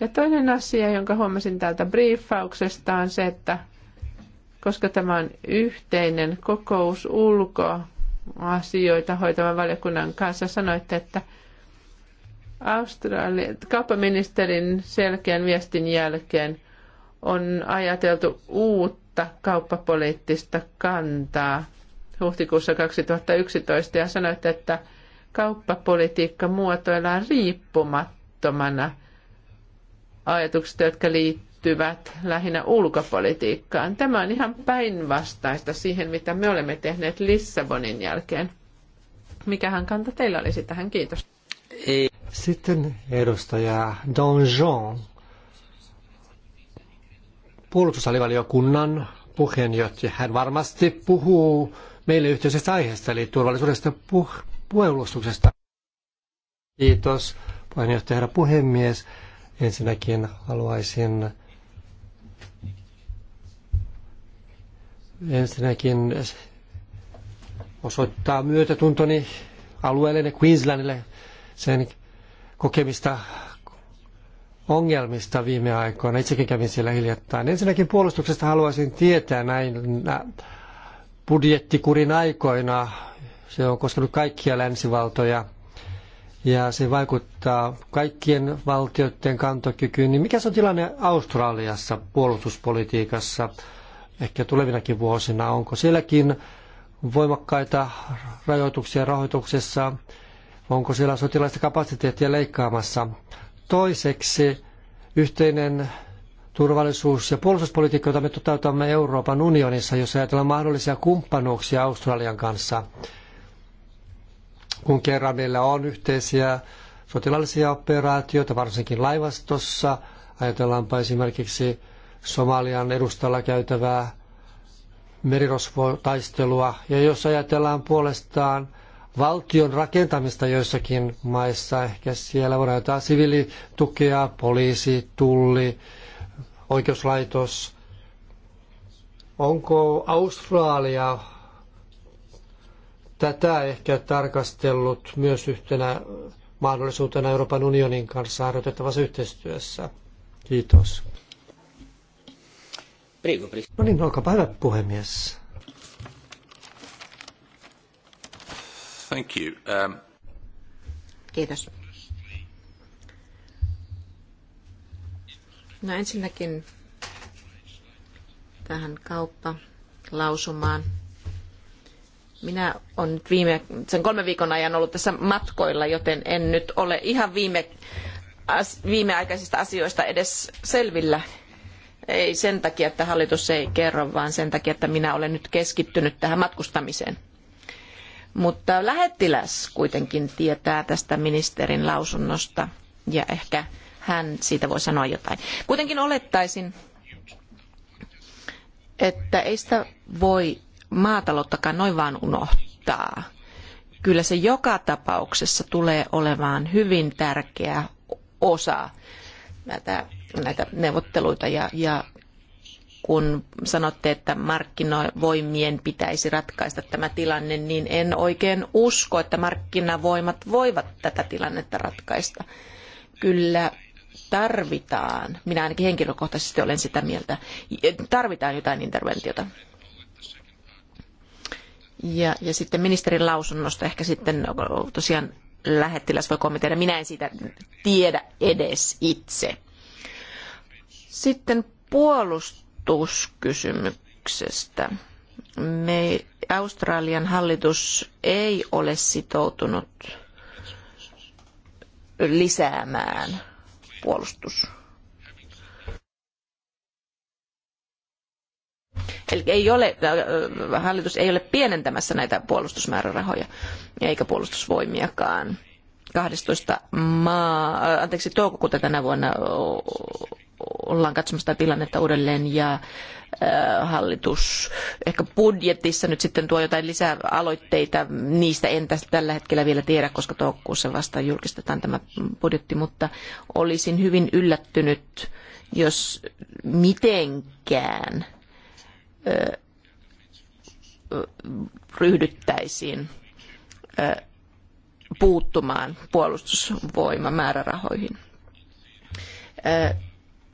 Ja toinen asia, jonka huomasin täältä briefauksesta, on se, että koska tämä on yhteinen kokous ulkoasioita hoitavan valiokunnan kanssa, sanoitte, että Australian kauppaministerin selkeän viestin jälkeen on ajateltu uutta kauppapoliittista kantaa huhtikuussa 2011 ja sanoitte, että kauppapolitiikka muotoillaan riippumattomana ajatuksista, jotka liittyvät lähinnä ulkopolitiikkaan. Tämä on ihan päinvastaista siihen, mitä me olemme tehneet Lissabonin jälkeen. Mikähän kanta teillä olisi tähän? Kiitos. Sitten edustaja Donjon, puolustusalivaliokunnan puheenjohtaja. Hän varmasti puhuu meille yhteisestä aiheesta, eli turvallisuudesta puh- puolustuksesta. Kiitos puheenjohtaja herra puhemies. Ensinnäkin haluaisin ensinnäkin osoittaa myötätuntoni alueelle Queenslandille sen kokemista ongelmista viime aikoina. Itsekin kävin siellä hiljattain. Ensinnäkin puolustuksesta haluaisin tietää näin budjettikurin aikoina se on koskenut kaikkia länsivaltoja ja se vaikuttaa kaikkien valtioiden kantokykyyn. Niin mikä se on tilanne Australiassa puolustuspolitiikassa ehkä tulevinakin vuosina? Onko sielläkin voimakkaita rajoituksia rahoituksessa? Onko siellä sotilaista kapasiteettia leikkaamassa? Toiseksi yhteinen turvallisuus- ja puolustuspolitiikka, jota me toteutamme Euroopan unionissa, jos ajatellaan mahdollisia kumppanuuksia Australian kanssa – kun kerran meillä on yhteisiä sotilaallisia operaatioita, varsinkin laivastossa. Ajatellaanpa esimerkiksi Somalian edustalla käytävää merirosvotaistelua. Ja jos ajatellaan puolestaan valtion rakentamista joissakin maissa, ehkä siellä voidaan jotain siviilitukea, poliisi, tulli, oikeuslaitos. Onko Australia tätä ehkä tarkastellut myös yhtenä mahdollisuutena Euroopan unionin kanssa harjoitettavassa yhteistyössä. Kiitos. No niin, olkaapa hyvä puhemies. Thank you. Um... Kiitos. No ensinnäkin tähän kauppa lausumaan minä olen nyt viime, sen kolmen viikon ajan ollut tässä matkoilla, joten en nyt ole ihan viime, as, viimeaikaisista asioista edes selvillä. Ei sen takia, että hallitus ei kerro, vaan sen takia, että minä olen nyt keskittynyt tähän matkustamiseen. Mutta lähettiläs kuitenkin tietää tästä ministerin lausunnosta ja ehkä hän siitä voi sanoa jotain. Kuitenkin olettaisin, että ei sitä voi maatalouttakaan noin vaan unohtaa. Kyllä se joka tapauksessa tulee olemaan hyvin tärkeä osa näitä, näitä neuvotteluita ja, ja kun sanotte, että markkinavoimien pitäisi ratkaista tämä tilanne, niin en oikein usko, että markkinavoimat voivat tätä tilannetta ratkaista. Kyllä tarvitaan, minä ainakin henkilökohtaisesti olen sitä mieltä, tarvitaan jotain interventiota. Ja, ja sitten ministerin lausunnosta ehkä sitten tosiaan lähettiläs voi kommentoida. Minä en siitä tiedä edes itse. Sitten puolustuskysymyksestä. Me, Australian hallitus ei ole sitoutunut lisäämään puolustus Eli ei ole, äh, äh, hallitus ei ole pienentämässä näitä puolustusmäärärahoja eikä puolustusvoimiakaan. 12. Maa, äh, anteeksi, toukokuuta tänä vuonna ollaan katsomassa tätä tilannetta uudelleen ja hallitus ehkä budjetissa nyt sitten tuo jotain lisää aloitteita. Niistä en tällä hetkellä vielä tiedä, koska toukokuussa vasta julkistetaan tämä budjetti, mutta olisin hyvin yllättynyt, jos mitenkään ryhdyttäisiin puuttumaan puolustusvoimamäärärahoihin.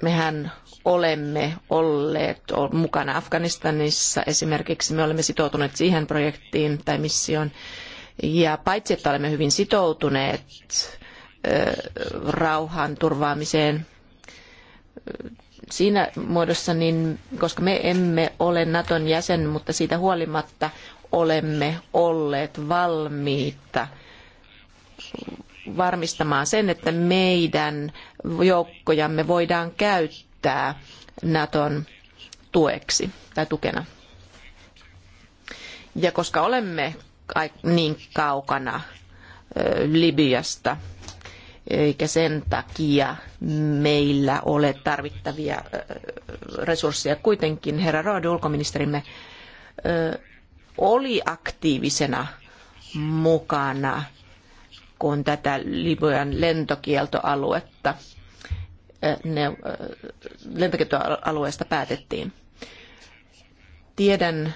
Mehän olemme olleet mukana Afganistanissa esimerkiksi. Me olemme sitoutuneet siihen projektiin tai missioon. Ja paitsi, että olemme hyvin sitoutuneet rauhan turvaamiseen siinä muodossa, niin, koska me emme ole Naton jäsen, mutta siitä huolimatta olemme olleet valmiita varmistamaan sen, että meidän joukkojamme voidaan käyttää Naton tueksi tai tukena. Ja koska olemme niin kaukana Libyasta, eikä sen takia meillä ole tarvittavia resursseja. Kuitenkin herra Roode, ulkoministerimme, oli aktiivisena mukana, kun tätä Libyan lentokieltoaluetta ne, lentokieltoalueesta päätettiin. Tiedän,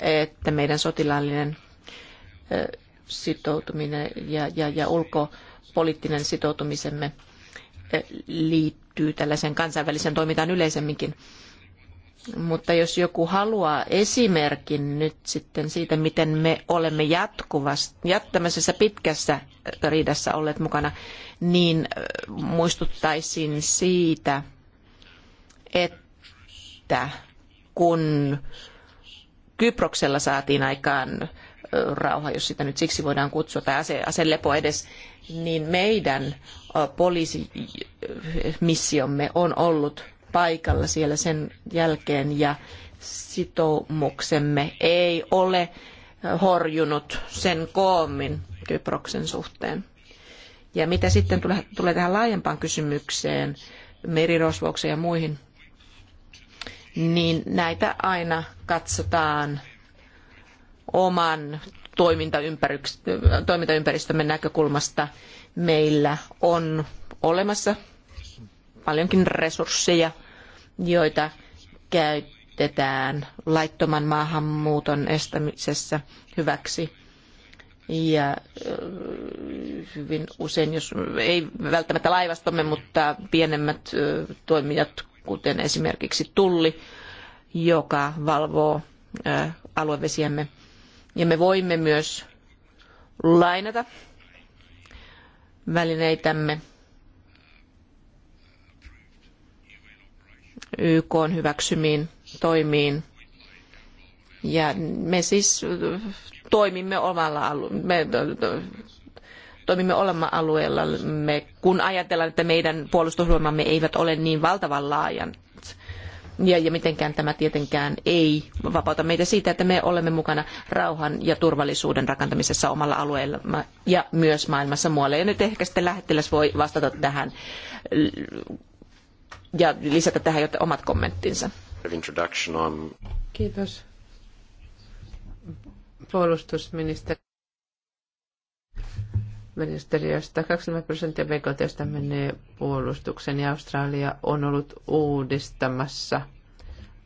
että meidän sotilaallinen sitoutuminen ja, ja, ja ulko- poliittinen sitoutumisemme eh, liittyy tällaiseen kansainväliseen toimintaan yleisemminkin. Mutta jos joku haluaa esimerkin nyt sitten siitä, miten me olemme jatkuvasti, tämmöisessä pitkässä riidassa olleet mukana, niin eh, muistuttaisin siitä, että kun Kyproksella saatiin aikaan rauha, jos sitä nyt siksi voidaan kutsua, tai ase, aselepo edes, niin meidän poliisimissiomme on ollut paikalla siellä sen jälkeen ja sitoumuksemme ei ole horjunut sen koommin Kyproksen suhteen. Ja mitä sitten tulee, tulee tähän laajempaan kysymykseen, merirosvoukseen ja muihin, niin näitä aina katsotaan – oman toimintaympäristömme näkökulmasta. Meillä on olemassa paljonkin resursseja, joita käytetään laittoman maahanmuuton estämisessä hyväksi. Ja hyvin usein, jos ei välttämättä laivastomme, mutta pienemmät toimijat, kuten esimerkiksi Tulli, joka valvoo aluevesiämme, ja me voimme myös lainata välineitämme YK on hyväksymiin toimiin. Ja me siis toimimme omalla alueella. Toimimme olemme alueellamme, kun ajatellaan, että meidän puolustusvoimamme eivät ole niin valtavan laajat ja, ja mitenkään tämä tietenkään ei vapauta meitä siitä, että me olemme mukana rauhan ja turvallisuuden rakentamisessa omalla alueella ja myös maailmassa muualla. Ja nyt ehkä sitten lähettiläs voi vastata tähän ja lisätä tähän jotta omat kommenttinsa. Kiitos puolustusministeri ministeriöstä. 20 prosenttia BKT menee puolustuksen ja Australia on ollut uudistamassa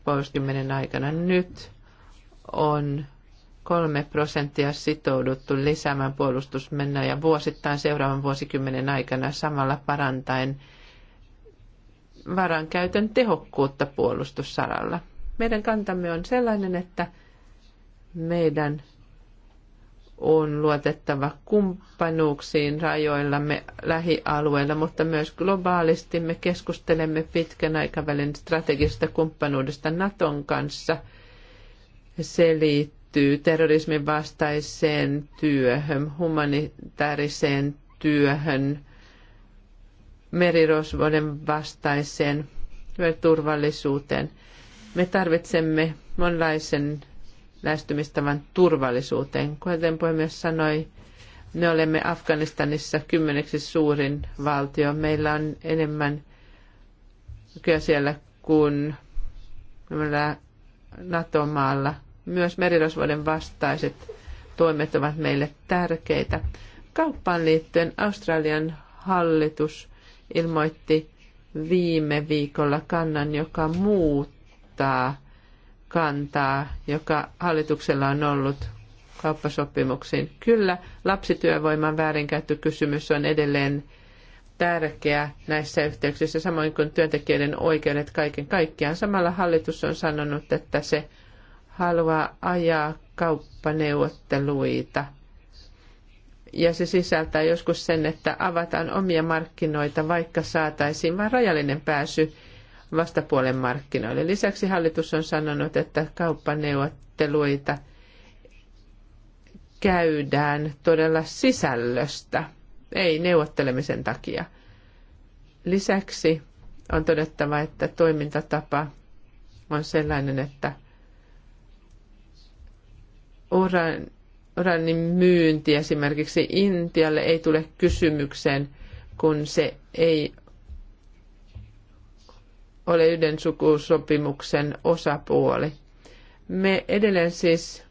vuosikymmenen aikana. Nyt on kolme prosenttia sitouduttu lisäämään ja vuosittain seuraavan vuosikymmenen aikana samalla parantaen varankäytön tehokkuutta puolustussaralla. Meidän kantamme on sellainen, että meidän on luotettava kumppanuuksiin rajoillamme lähialueilla, mutta myös globaalisti me keskustelemme pitkän aikavälin strategisesta kumppanuudesta Naton kanssa. Se liittyy terrorismin vastaiseen työhön, humanitaariseen työhön, merirosvoiden vastaiseen turvallisuuteen. Me tarvitsemme monlaisen lähestymistavan turvallisuuteen. Kuten puhemies sanoi, me olemme Afganistanissa kymmeneksi suurin valtio. Meillä on enemmän kyllä siellä kuin NATO-maalla. Myös merirosvoiden vastaiset toimet ovat meille tärkeitä. Kauppaan liittyen Australian hallitus ilmoitti viime viikolla kannan, joka muuttaa – kantaa, joka hallituksella on ollut kauppasopimuksiin. Kyllä, lapsityövoiman väärinkäyttökysymys on edelleen tärkeä näissä yhteyksissä, samoin kuin työntekijöiden oikeudet kaiken kaikkiaan. Samalla hallitus on sanonut, että se haluaa ajaa kauppaneuvotteluita. Ja se sisältää joskus sen, että avataan omia markkinoita, vaikka saataisiin vain rajallinen pääsy vastapuolen markkinoille. Lisäksi hallitus on sanonut, että kauppaneuvotteluita käydään todella sisällöstä, ei neuvottelemisen takia. Lisäksi on todettava, että toimintatapa on sellainen, että uran, uranin myynti esimerkiksi Intialle ei tule kysymykseen, kun se ei ole yhden sukusopimuksen osapuoli. Me edelleen siis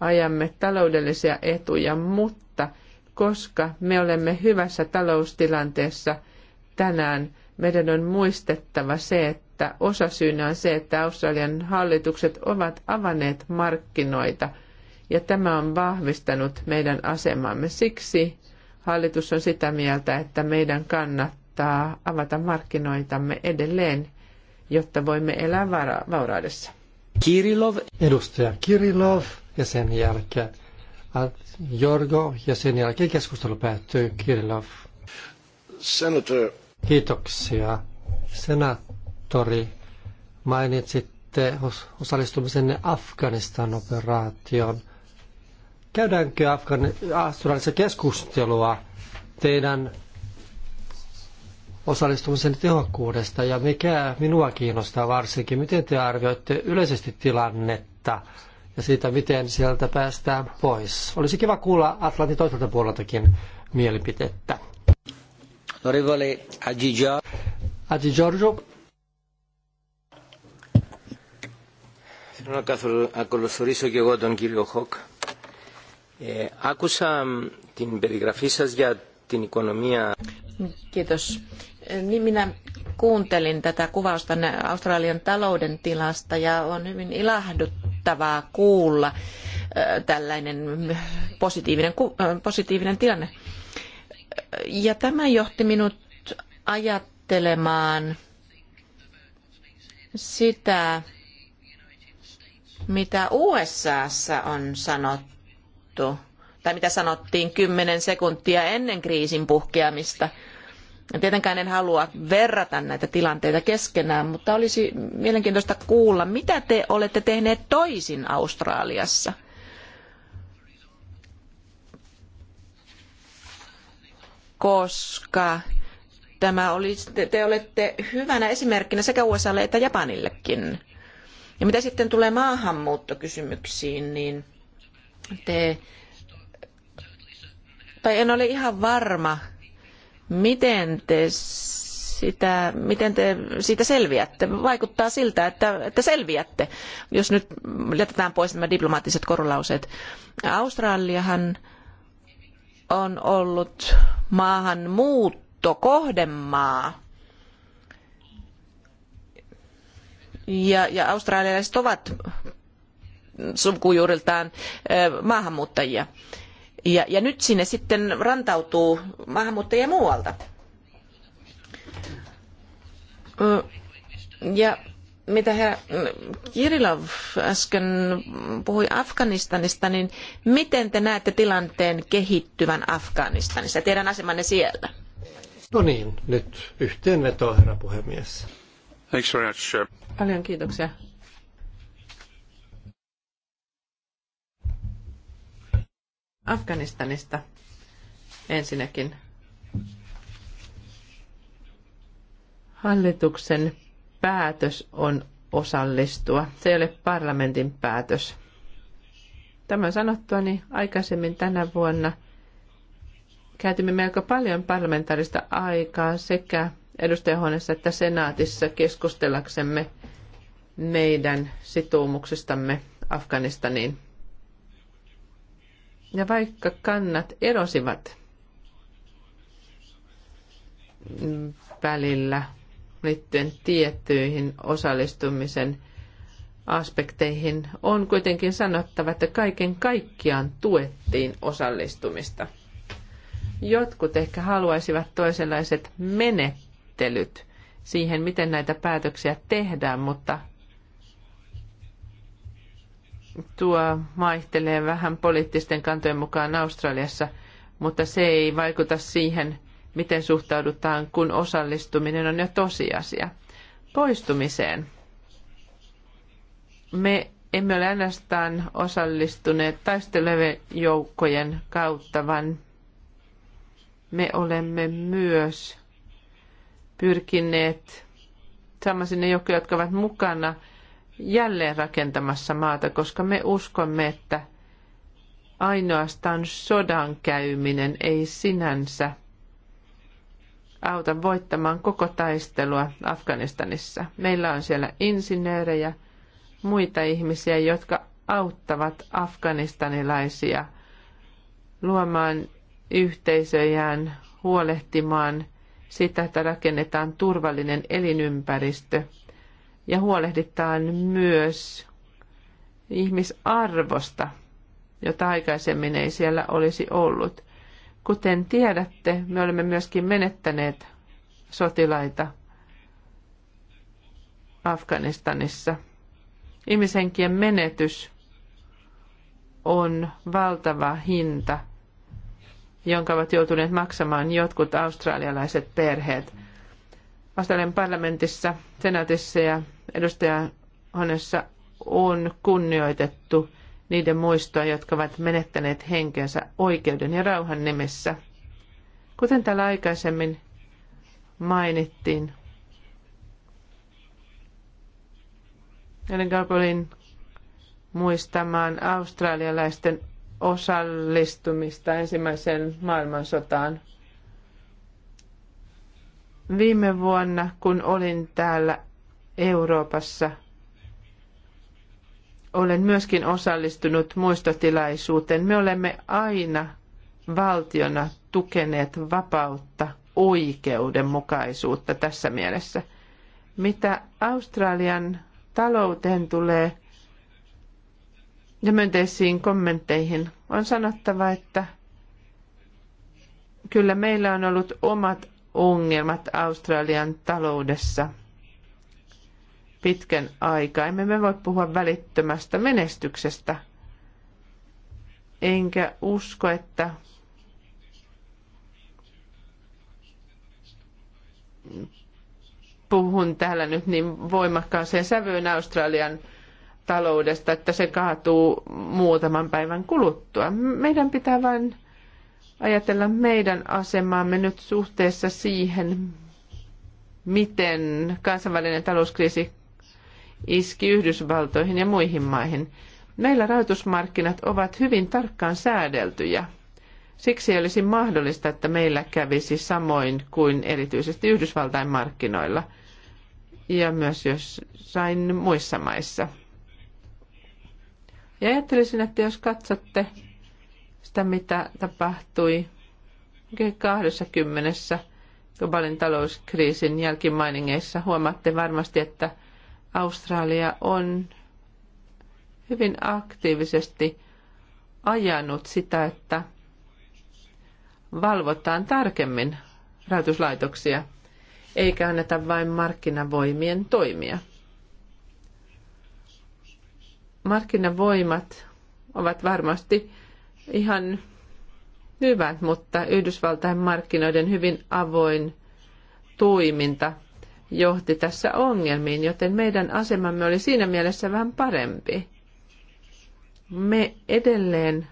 ajamme taloudellisia etuja, mutta koska me olemme hyvässä taloustilanteessa tänään, meidän on muistettava se, että osasyynä on se, että Australian hallitukset ovat avanneet markkinoita ja tämä on vahvistanut meidän asemamme. Siksi hallitus on sitä mieltä, että meidän kannattaa avata markkinoitamme edelleen jotta voimme elää vauraudessa. Kirilov. Edustaja Kirilov ja sen jälkeen Jorgo ja sen jälkeen keskustelu päättyy. Kirilov. Senator. Kiitoksia. Senaattori, mainitsitte osallistumisenne Afganistan-operaatioon. Käydäänkö Afgan- keskustelua teidän osallistumisen tehokkuudesta ja mikä minua kiinnostaa varsinkin, miten te arvioitte yleisesti tilannetta ja siitä, miten sieltä päästään pois. Olisi kiva kuulla Atlantin toiselta puoleltakin mielipidettä. Onorevole Agi Giorgio. Agi Giorgio. Θέλω να ακολουθήσω και εγώ τον κύριο Χοκ. Ε, άκουσα την περιγραφή σας για την οικονομία Kiitos. Niin minä kuuntelin tätä kuvausta Australian talouden tilasta ja on hyvin ilahduttavaa kuulla tällainen positiivinen, positiivinen tilanne. Ja tämä johti minut ajattelemaan sitä, mitä USAssa on sanottu, tai mitä sanottiin kymmenen sekuntia ennen kriisin puhkeamista – Tietenkään en halua verrata näitä tilanteita keskenään, mutta olisi mielenkiintoista kuulla, mitä te olette tehneet toisin Australiassa. Koska tämä oli, te, te olette hyvänä esimerkkinä sekä USAlle että Japanillekin. Ja mitä sitten tulee maahanmuuttokysymyksiin, niin te, tai en ole ihan varma, Miten te sitä, miten te siitä selviätte? Vaikuttaa siltä, että, että selviätte, jos nyt jätetään pois nämä diplomaattiset korulauseet. Australiahan on ollut maahan muuttokohdemaa. Ja, ja australialaiset ovat sukujuuriltaan maahanmuuttajia. Ja, nyt sinne sitten rantautuu maahanmuuttajia muualta. Ja mitä herra mm, Kirilov äsken puhui Afganistanista, niin miten te näette tilanteen kehittyvän Afganistanissa, teidän asemanne siellä? No niin, nyt yhteenveto, herra puhemies. Thanks very much. Paljon kiitoksia. Afganistanista ensinnäkin. Hallituksen päätös on osallistua. Se ei ole parlamentin päätös. Tämän sanottua niin aikaisemmin tänä vuonna käytimme melko paljon parlamentaarista aikaa sekä edustajahuoneessa että senaatissa keskustellaksemme meidän sitoumuksestamme Afganistaniin. Ja vaikka kannat erosivat välillä liittyen tiettyihin osallistumisen aspekteihin, on kuitenkin sanottava, että kaiken kaikkiaan tuettiin osallistumista. Jotkut ehkä haluaisivat toisenlaiset menettelyt siihen, miten näitä päätöksiä tehdään, mutta tuo vaihtelee vähän poliittisten kantojen mukaan Australiassa, mutta se ei vaikuta siihen, miten suhtaudutaan, kun osallistuminen on jo tosiasia. Poistumiseen. Me emme ole ainoastaan osallistuneet taistelevien joukkojen kautta, vaan me olemme myös pyrkineet saamaan sinne joukkoja, jotka ovat mukana – jälleen rakentamassa maata, koska me uskomme, että ainoastaan sodan käyminen ei sinänsä auta voittamaan koko taistelua Afganistanissa. Meillä on siellä insinöörejä, muita ihmisiä, jotka auttavat afganistanilaisia luomaan yhteisöjään, huolehtimaan sitä, että rakennetaan turvallinen elinympäristö – ja huolehditaan myös ihmisarvosta, jota aikaisemmin ei siellä olisi ollut. Kuten tiedätte, me olemme myöskin menettäneet sotilaita Afganistanissa. Ihmisenkien menetys on valtava hinta, jonka ovat joutuneet maksamaan jotkut australialaiset perheet – Australian parlamentissa, senaatissa ja edustajahuoneessa on kunnioitettu niiden muistoa, jotka ovat menettäneet henkensä oikeuden ja rauhan nimessä. Kuten täällä aikaisemmin mainittiin, Ellen Garpolin muistamaan australialaisten osallistumista ensimmäiseen maailmansotaan – Viime vuonna, kun olin täällä Euroopassa, olen myöskin osallistunut muistotilaisuuteen. Me olemme aina valtiona tukeneet vapautta, oikeudenmukaisuutta tässä mielessä. Mitä Australian talouteen tulee ja myönteisiin kommentteihin, on sanottava, että kyllä meillä on ollut omat ongelmat Australian taloudessa pitkän aikaa. Emme me voi puhua välittömästä menestyksestä. Enkä usko, että puhun täällä nyt niin voimakkaaseen sävyyn Australian taloudesta, että se kaatuu muutaman päivän kuluttua. Meidän pitää vain ajatella meidän asemaamme nyt suhteessa siihen, miten kansainvälinen talouskriisi iski Yhdysvaltoihin ja muihin maihin. Meillä rahoitusmarkkinat ovat hyvin tarkkaan säädeltyjä. Siksi ei olisi mahdollista, että meillä kävisi samoin kuin erityisesti Yhdysvaltain markkinoilla ja myös jossain muissa maissa. Ja ajattelisin, että jos katsotte sitä, mitä tapahtui 20 globaalin talouskriisin jälkimainingeissa. Huomaatte varmasti, että Australia on hyvin aktiivisesti ajanut sitä, että valvotaan tarkemmin rahoituslaitoksia, eikä anneta vain markkinavoimien toimia. Markkinavoimat ovat varmasti ihan hyvät, mutta Yhdysvaltain markkinoiden hyvin avoin toiminta johti tässä ongelmiin, joten meidän asemamme oli siinä mielessä vähän parempi. Me edelleen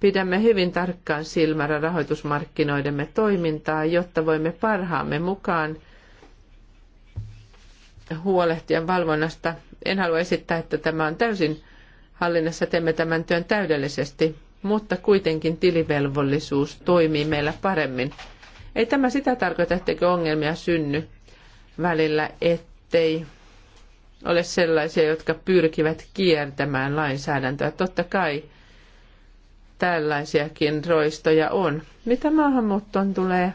pidämme hyvin tarkkaan silmällä rahoitusmarkkinoidemme toimintaa, jotta voimme parhaamme mukaan huolehtia valvonnasta. En halua esittää, että tämä on täysin hallinnassa teemme tämän työn täydellisesti, mutta kuitenkin tilivelvollisuus toimii meillä paremmin. Ei tämä sitä tarkoita, etteikö ongelmia synny välillä, ettei ole sellaisia, jotka pyrkivät kiertämään lainsäädäntöä. Totta kai tällaisiakin roistoja on. Mitä maahanmuuttoon tulee?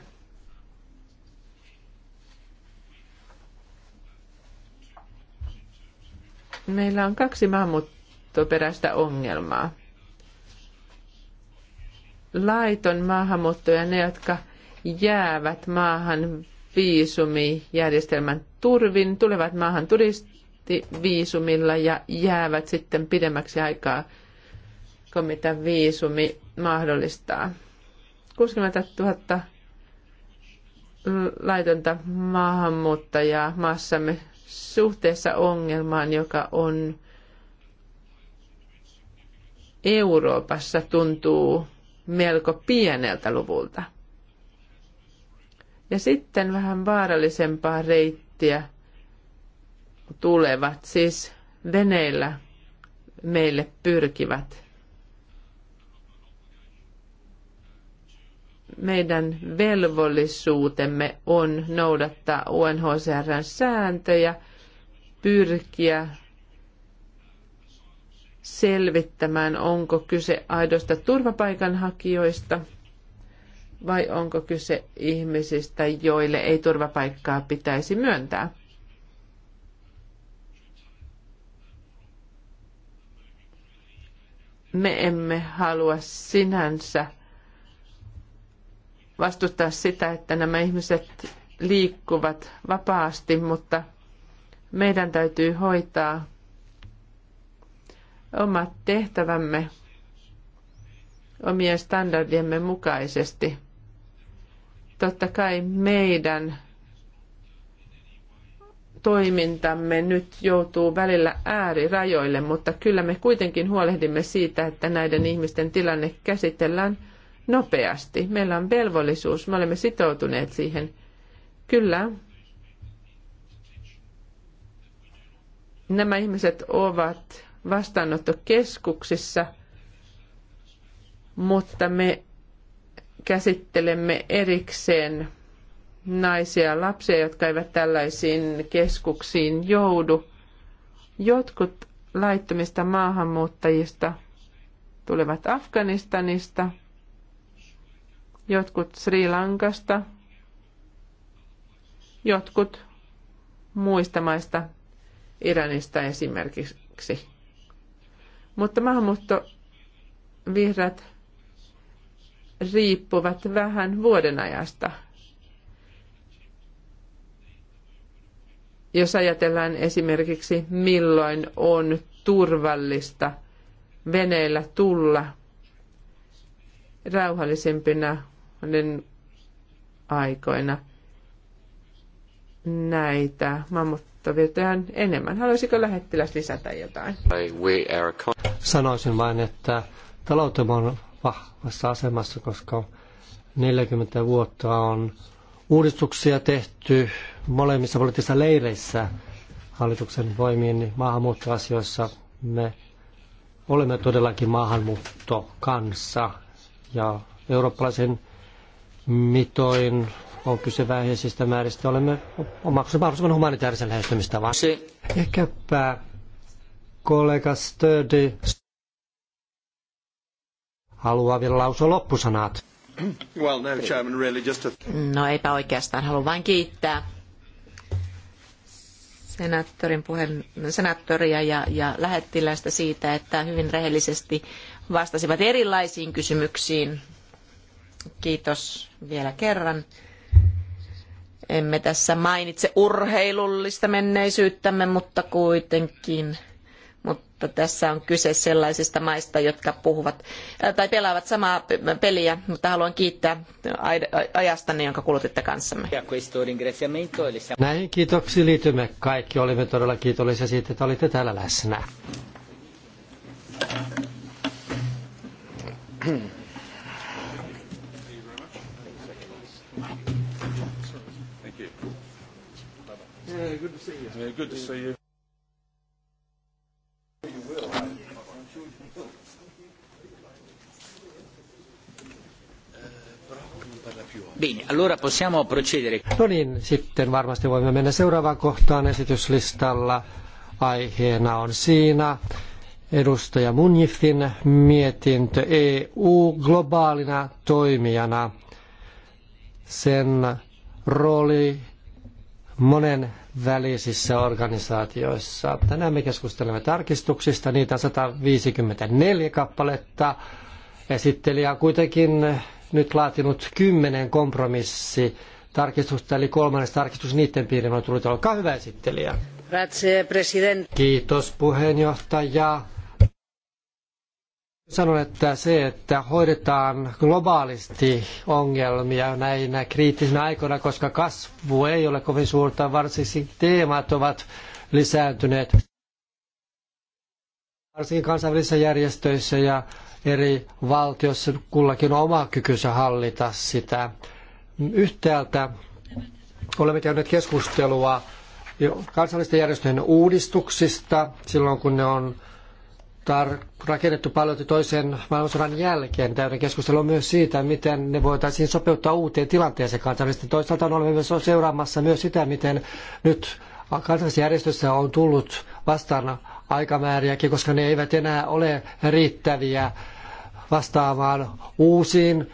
Meillä on kaksi maahanmuuttoa maahanmuuttoperäistä ongelmaa. Laiton maahanmuutto ja ne, jotka jäävät maahan viisumijärjestelmän turvin, tulevat maahan turistiviisumilla ja jäävät sitten pidemmäksi aikaa kuin mitä viisumi mahdollistaa. 60 000 laitonta maahanmuuttajaa maassamme suhteessa ongelmaan, joka on Euroopassa tuntuu melko pieneltä luvulta. Ja sitten vähän vaarallisempaa reittiä tulevat, siis veneillä meille pyrkivät. Meidän velvollisuutemme on noudattaa UNHCRn sääntöjä, pyrkiä selvittämään, onko kyse aidosta turvapaikanhakijoista vai onko kyse ihmisistä, joille ei turvapaikkaa pitäisi myöntää. Me emme halua sinänsä vastustaa sitä, että nämä ihmiset liikkuvat vapaasti, mutta meidän täytyy hoitaa omat tehtävämme omien standardiemme mukaisesti. Totta kai meidän toimintamme nyt joutuu välillä äärirajoille, mutta kyllä me kuitenkin huolehdimme siitä, että näiden ihmisten tilanne käsitellään nopeasti. Meillä on velvollisuus, me olemme sitoutuneet siihen. Kyllä, nämä ihmiset ovat vastaanottokeskuksissa, mutta me käsittelemme erikseen naisia ja lapsia, jotka eivät tällaisiin keskuksiin joudu. Jotkut laittomista maahanmuuttajista tulevat Afganistanista, jotkut Sri Lankasta, jotkut muista maista, Iranista esimerkiksi. Mutta vihreät riippuvat vähän vuodenajasta. Jos ajatellaan esimerkiksi, milloin on turvallista veneillä tulla rauhallisempina aikoina näitä mammut liittovirtojan enemmän. Haluaisiko lähettiläs lisätä jotain? Sanoisin vain, että taloutemme on vahvassa asemassa, koska 40 vuotta on uudistuksia tehty molemmissa poliittisissa leireissä hallituksen voimien niin maahanmuuttoasioissa. Me olemme todellakin maahanmuutto kanssa ja eurooppalaisen mitoin on kyse vähäisistä määristä. Olemme omaksuneet mahdollisimman humanitaarisen lähestymistä vaan. Se. Ehkäpä kollega Stödi haluaa vielä lausua loppusanat. Well, no, Chairman, really just a... No eipä oikeastaan, haluan vain kiittää senaattorin puheen, senaattoria ja, ja lähettiläistä siitä, että hyvin rehellisesti vastasivat erilaisiin kysymyksiin. Kiitos vielä kerran. Emme tässä mainitse urheilullista menneisyyttämme, mutta kuitenkin. Mutta tässä on kyse sellaisista maista, jotka puhuvat äh, tai pelaavat samaa peliä, mutta haluan kiittää ajastanne, jonka kulutitte kanssamme. Näihin kiitoksiin liitymme kaikki. Olimme todella kiitollisia siitä, että olitte täällä läsnä. Yeah, good to see you. Yeah, good to see you. Bene, allora possiamo procedere. No niin, sitten varmasti voimme mennä seuraavaan kohtaan esityslistalla. Aiheena on siinä edustaja Munjifin mietintö EU globaalina toimijana. Sen rooli monen välisissä organisaatioissa. Tänään me keskustelemme tarkistuksista, niitä on 154 kappaletta. Esittelijä on kuitenkin nyt laatinut kymmenen kompromissi tarkistusta, eli kolmannes tarkistus niiden piirin on tullut. Olkaa hyvä esittelijä. Grazie, Kiitos puheenjohtaja sanon, että se, että hoidetaan globaalisti ongelmia näinä kriittisinä aikoina, koska kasvu ei ole kovin suurta, varsinkin teemat ovat lisääntyneet. Varsinkin kansainvälisissä järjestöissä ja eri valtioissa kullakin on oma kykynsä hallita sitä. Yhtäältä olemme käyneet keskustelua kansallisten järjestöjen uudistuksista silloin, kun ne on tar- rakennettu paljon toisen maailmansodan jälkeen. Täyden keskustelua myös siitä, miten ne voitaisiin sopeuttaa uuteen tilanteeseen kansainvälisesti. Toisaalta olemme myös seuraamassa myös sitä, miten nyt kansallisessa on tullut vastaan aikamääriäkin, koska ne eivät enää ole riittäviä vastaamaan uusiin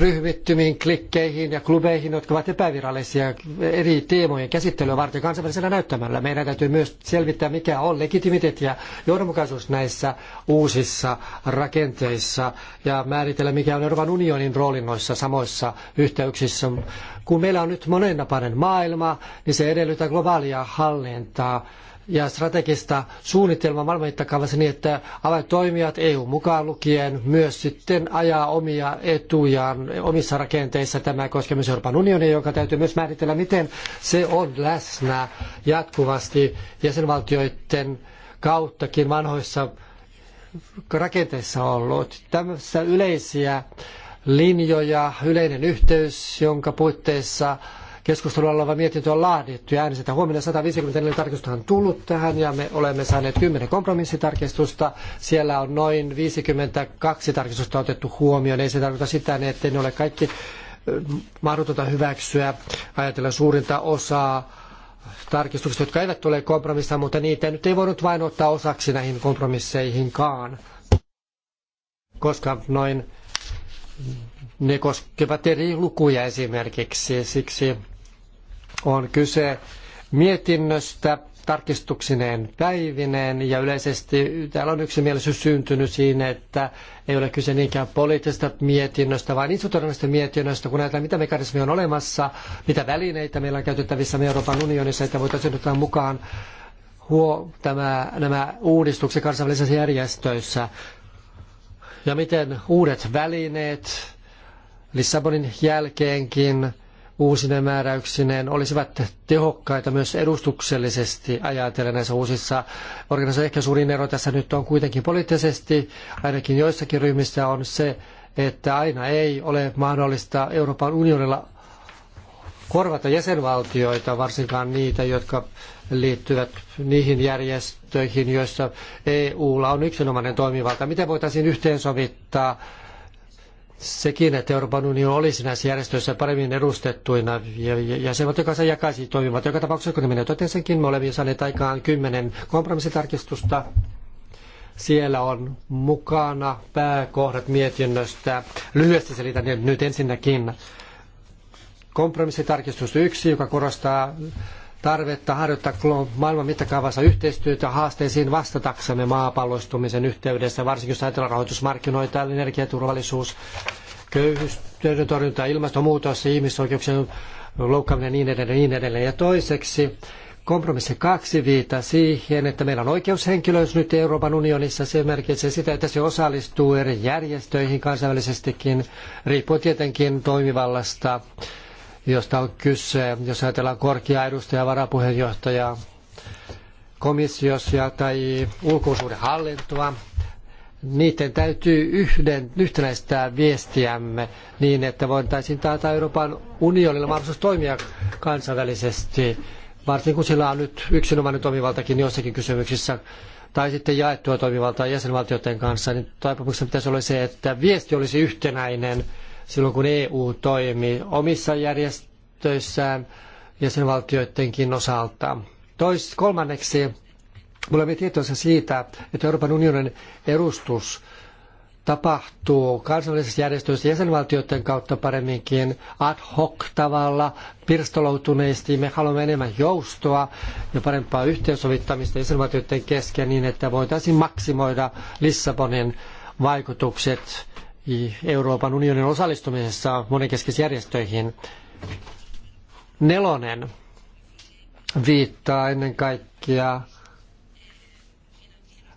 ryhmittymiin, klikkeihin ja klubeihin, jotka ovat epävirallisia eri teemojen käsittelyä varten kansainvälisellä näyttämällä. Meidän täytyy myös selvittää, mikä on legitimiteetti ja johdonmukaisuus näissä uusissa rakenteissa ja määritellä, mikä on Euroopan unionin rooli noissa samoissa yhteyksissä. Kun meillä on nyt monennapainen maailma, niin se edellyttää globaalia hallintaa ja strategista suunnitelmaa maailmanmittakaavassa niin, että avaintoimijat EU mukaan lukien myös sitten ajaa omia etujaan omissa rakenteissa. Tämä koskee myös Euroopan unionia, jonka täytyy myös määritellä, miten se on läsnä jatkuvasti jäsenvaltioiden kauttakin vanhoissa rakenteissa ollut. Tämmöisiä yleisiä linjoja, yleinen yhteys, jonka puitteissa Keskustelualla oleva mietintö on laadittu ja äänestetään huomenna 154 tarkistusta on tullut tähän ja me olemme saaneet 10 kompromissitarkistusta. Siellä on noin 52 tarkistusta otettu huomioon. Ei se tarkoita sitä, että ne ole kaikki mahdotonta hyväksyä. Ajatellaan suurinta osaa tarkistuksista, jotka eivät ole kompromissa, mutta niitä nyt ei voinut vain ottaa osaksi näihin kompromisseihinkaan, koska noin ne koskevat eri lukuja esimerkiksi. Siksi on kyse mietinnöstä tarkistuksineen päivineen ja yleisesti täällä on yksimielisyys syntynyt siinä, että ei ole kyse niinkään poliittisesta mietinnöstä, vaan institutionaalisesta mietinnöstä, kun näitä mitä mekanismia on olemassa, mitä välineitä meillä on käytettävissä me Euroopan unionissa, että voitaisiin ottaa mukaan huo, tämä, nämä uudistukset kansainvälisissä järjestöissä ja miten uudet välineet Lissabonin jälkeenkin uusine määräyksineen olisivat tehokkaita myös edustuksellisesti ajatellen näissä uusissa organisaatioissa. Ehkä suurin ero tässä nyt on kuitenkin poliittisesti, ainakin joissakin ryhmissä on se, että aina ei ole mahdollista Euroopan unionilla korvata jäsenvaltioita, varsinkaan niitä, jotka liittyvät niihin järjestöihin, joissa EUlla on yksinomainen toimivalta. Miten voitaisiin yhteensovittaa sekin, että Euroopan unioni olisi näissä järjestöissä paremmin edustettuina ja jäsenvaltio kanssa jakaisi toimivat. Joka tapauksessa, kun minä totesinkin, me olemme jo saaneet aikaan kymmenen kompromissitarkistusta. Siellä on mukana pääkohdat mietinnöstä. Lyhyesti selitän ne nyt ensinnäkin. Kompromissitarkistus yksi, joka korostaa tarvetta harjoittaa maailman mittakaavassa yhteistyötä haasteisiin vastataksemme maapallostumisen yhteydessä, varsinkin jos ajatellaan rahoitusmarkkinoita, energiaturvallisuus, köyhyys, työtön torjunta, ilmastonmuutos, ihmisoikeuksien loukkaaminen ja niin edelleen, niin edelleen. Ja toiseksi kompromissi kaksi viita siihen, että meillä on oikeushenkilöys nyt Euroopan unionissa. Se merkitsee sitä, että se osallistuu eri järjestöihin kansainvälisestikin, riippuu tietenkin toimivallasta josta on kyse. Jos ajatellaan korkeaa edustajaa, varapuheenjohtajaa, komissiossa tai ulkosuhdehallintoa, niiden täytyy yhden, yhtenäistää viestiämme niin, että voitaisiin taata Euroopan unionilla mahdollisuus toimia kansainvälisesti, varsinkin kun sillä on nyt yksinomainen toimivaltakin joissakin kysymyksissä, tai sitten jaettua toimivaltaa jäsenvaltioiden kanssa, niin toivomuksena pitäisi olla se, että viesti olisi yhtenäinen silloin kun EU toimii omissa järjestöissään jäsenvaltioidenkin osalta. Tois, kolmanneksi, me olemme tietoisia siitä, että Euroopan unionin edustus tapahtuu kansallisissa järjestöissä jäsenvaltioiden kautta paremminkin ad hoc tavalla pirstaloituneesti. Me haluamme enemmän joustoa ja parempaa yhteensovittamista jäsenvaltioiden kesken niin, että voitaisiin maksimoida Lissabonin vaikutukset Euroopan unionin osallistumisessa monenkeskisjärjestöihin. Nelonen viittaa ennen kaikkea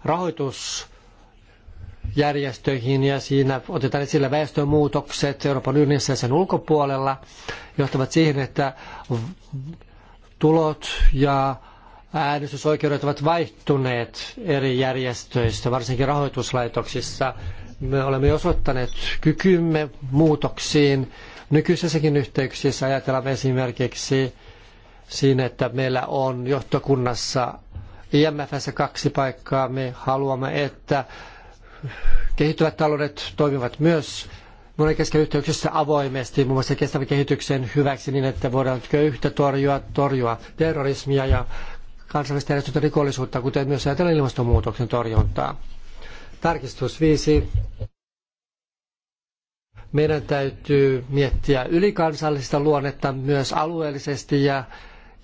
rahoitusjärjestöihin ja siinä otetaan esille väestönmuutokset Euroopan unionissa ja sen ulkopuolella johtavat siihen, että tulot ja äänestysoikeudet ovat vaihtuneet eri järjestöissä, varsinkin rahoituslaitoksissa me olemme osoittaneet kykymme muutoksiin nykyisessäkin yhteyksissä. Ajatellaan esimerkiksi siinä, että meillä on johtokunnassa IMFssä kaksi paikkaa. Me haluamme, että kehittyvät taloudet toimivat myös monenkeskän yhteyksissä avoimesti, muun muassa kestävän kehityksen hyväksi niin, että voidaan köyhtä torjua, torjua terrorismia ja kansainvälistä järjestötä rikollisuutta, kuten myös ajatellen ilmastonmuutoksen torjuntaa. Tarkistus viisi. Meidän täytyy miettiä ylikansallista luonnetta myös alueellisesti ja,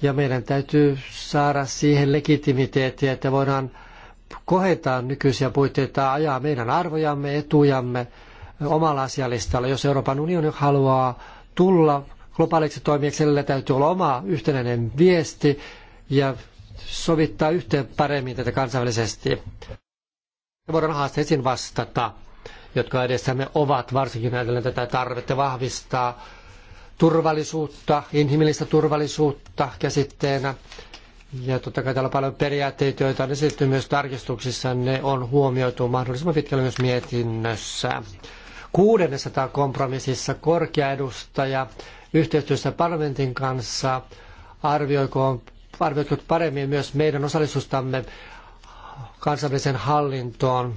ja meidän täytyy saada siihen legitimiteettiä, että voidaan kohentaa nykyisiä puitteita, ajaa meidän arvojamme, etujamme omalla asialistalla. Jos Euroopan unioni haluaa tulla globaaliksi toimijaksi, sillä täytyy olla oma yhtenäinen viesti ja sovittaa yhteen paremmin tätä kansainvälisesti ja voidaan haasteisiin vastata, jotka edessämme ovat, varsinkin ajatellen tätä tarvetta vahvistaa turvallisuutta, inhimillistä turvallisuutta käsitteenä. Ja totta kai täällä on paljon periaatteita, joita on esitetty myös tarkistuksissa, ne on huomioitu mahdollisimman pitkälle myös mietinnössä. Kuudennessa kompromississa korkea edustaja yhteistyössä parlamentin kanssa arvioiko, arvioiko paremmin myös meidän osallisuustamme kansainväliseen hallintoon.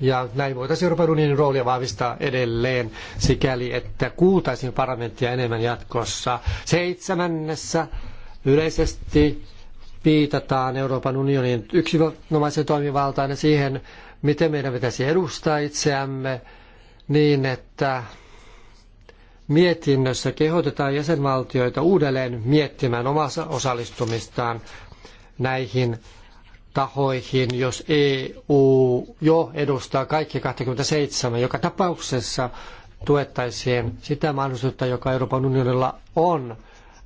Ja näin voitaisiin Euroopan unionin roolia vahvistaa edelleen sikäli, että kuultaisiin parlamenttia enemmän jatkossa. Seitsemännessä yleisesti viitataan Euroopan unionin yksinomaisen toimivaltaan ja siihen, miten meidän pitäisi edustaa itseämme niin, että mietinnössä kehotetaan jäsenvaltioita uudelleen miettimään omassa osallistumistaan näihin tahoihin, jos EU jo edustaa kaikki 27. Joka tapauksessa tuettaisiin sitä mahdollisuutta, joka Euroopan unionilla on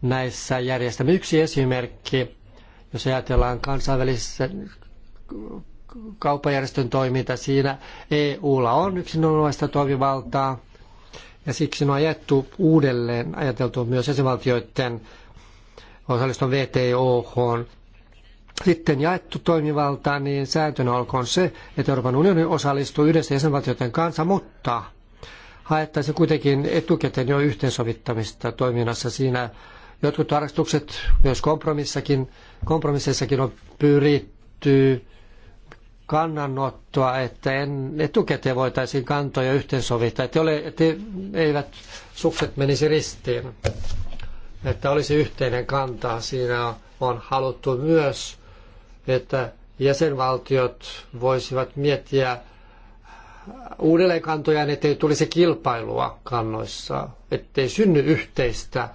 näissä järjestelmissä. Yksi esimerkki, jos ajatellaan kansainvälisen kauppajärjestön toiminta, siinä EUlla on yksinomaista toimivaltaa ja siksi on ajettu uudelleen ajateltu myös jäsenvaltioiden osallistua VTOH. Sitten jaettu toimivalta, niin sääntönä olkoon se, että Euroopan unioni osallistuu yhdessä jäsenvaltioiden kanssa, mutta haettaisiin kuitenkin etukäteen jo yhteensovittamista toiminnassa siinä. Jotkut tarkastukset myös kompromissakin, kompromisseissakin on pyritty kannanottoa, että en, etukäteen voitaisiin kantoja yhteensovittaa, että, ole, että eivät sukset menisi ristiin, että olisi yhteinen kanta. Siinä on haluttu myös että jäsenvaltiot voisivat miettiä uudelleen ettei tulisi kilpailua kannoissa, ettei synny yhteistä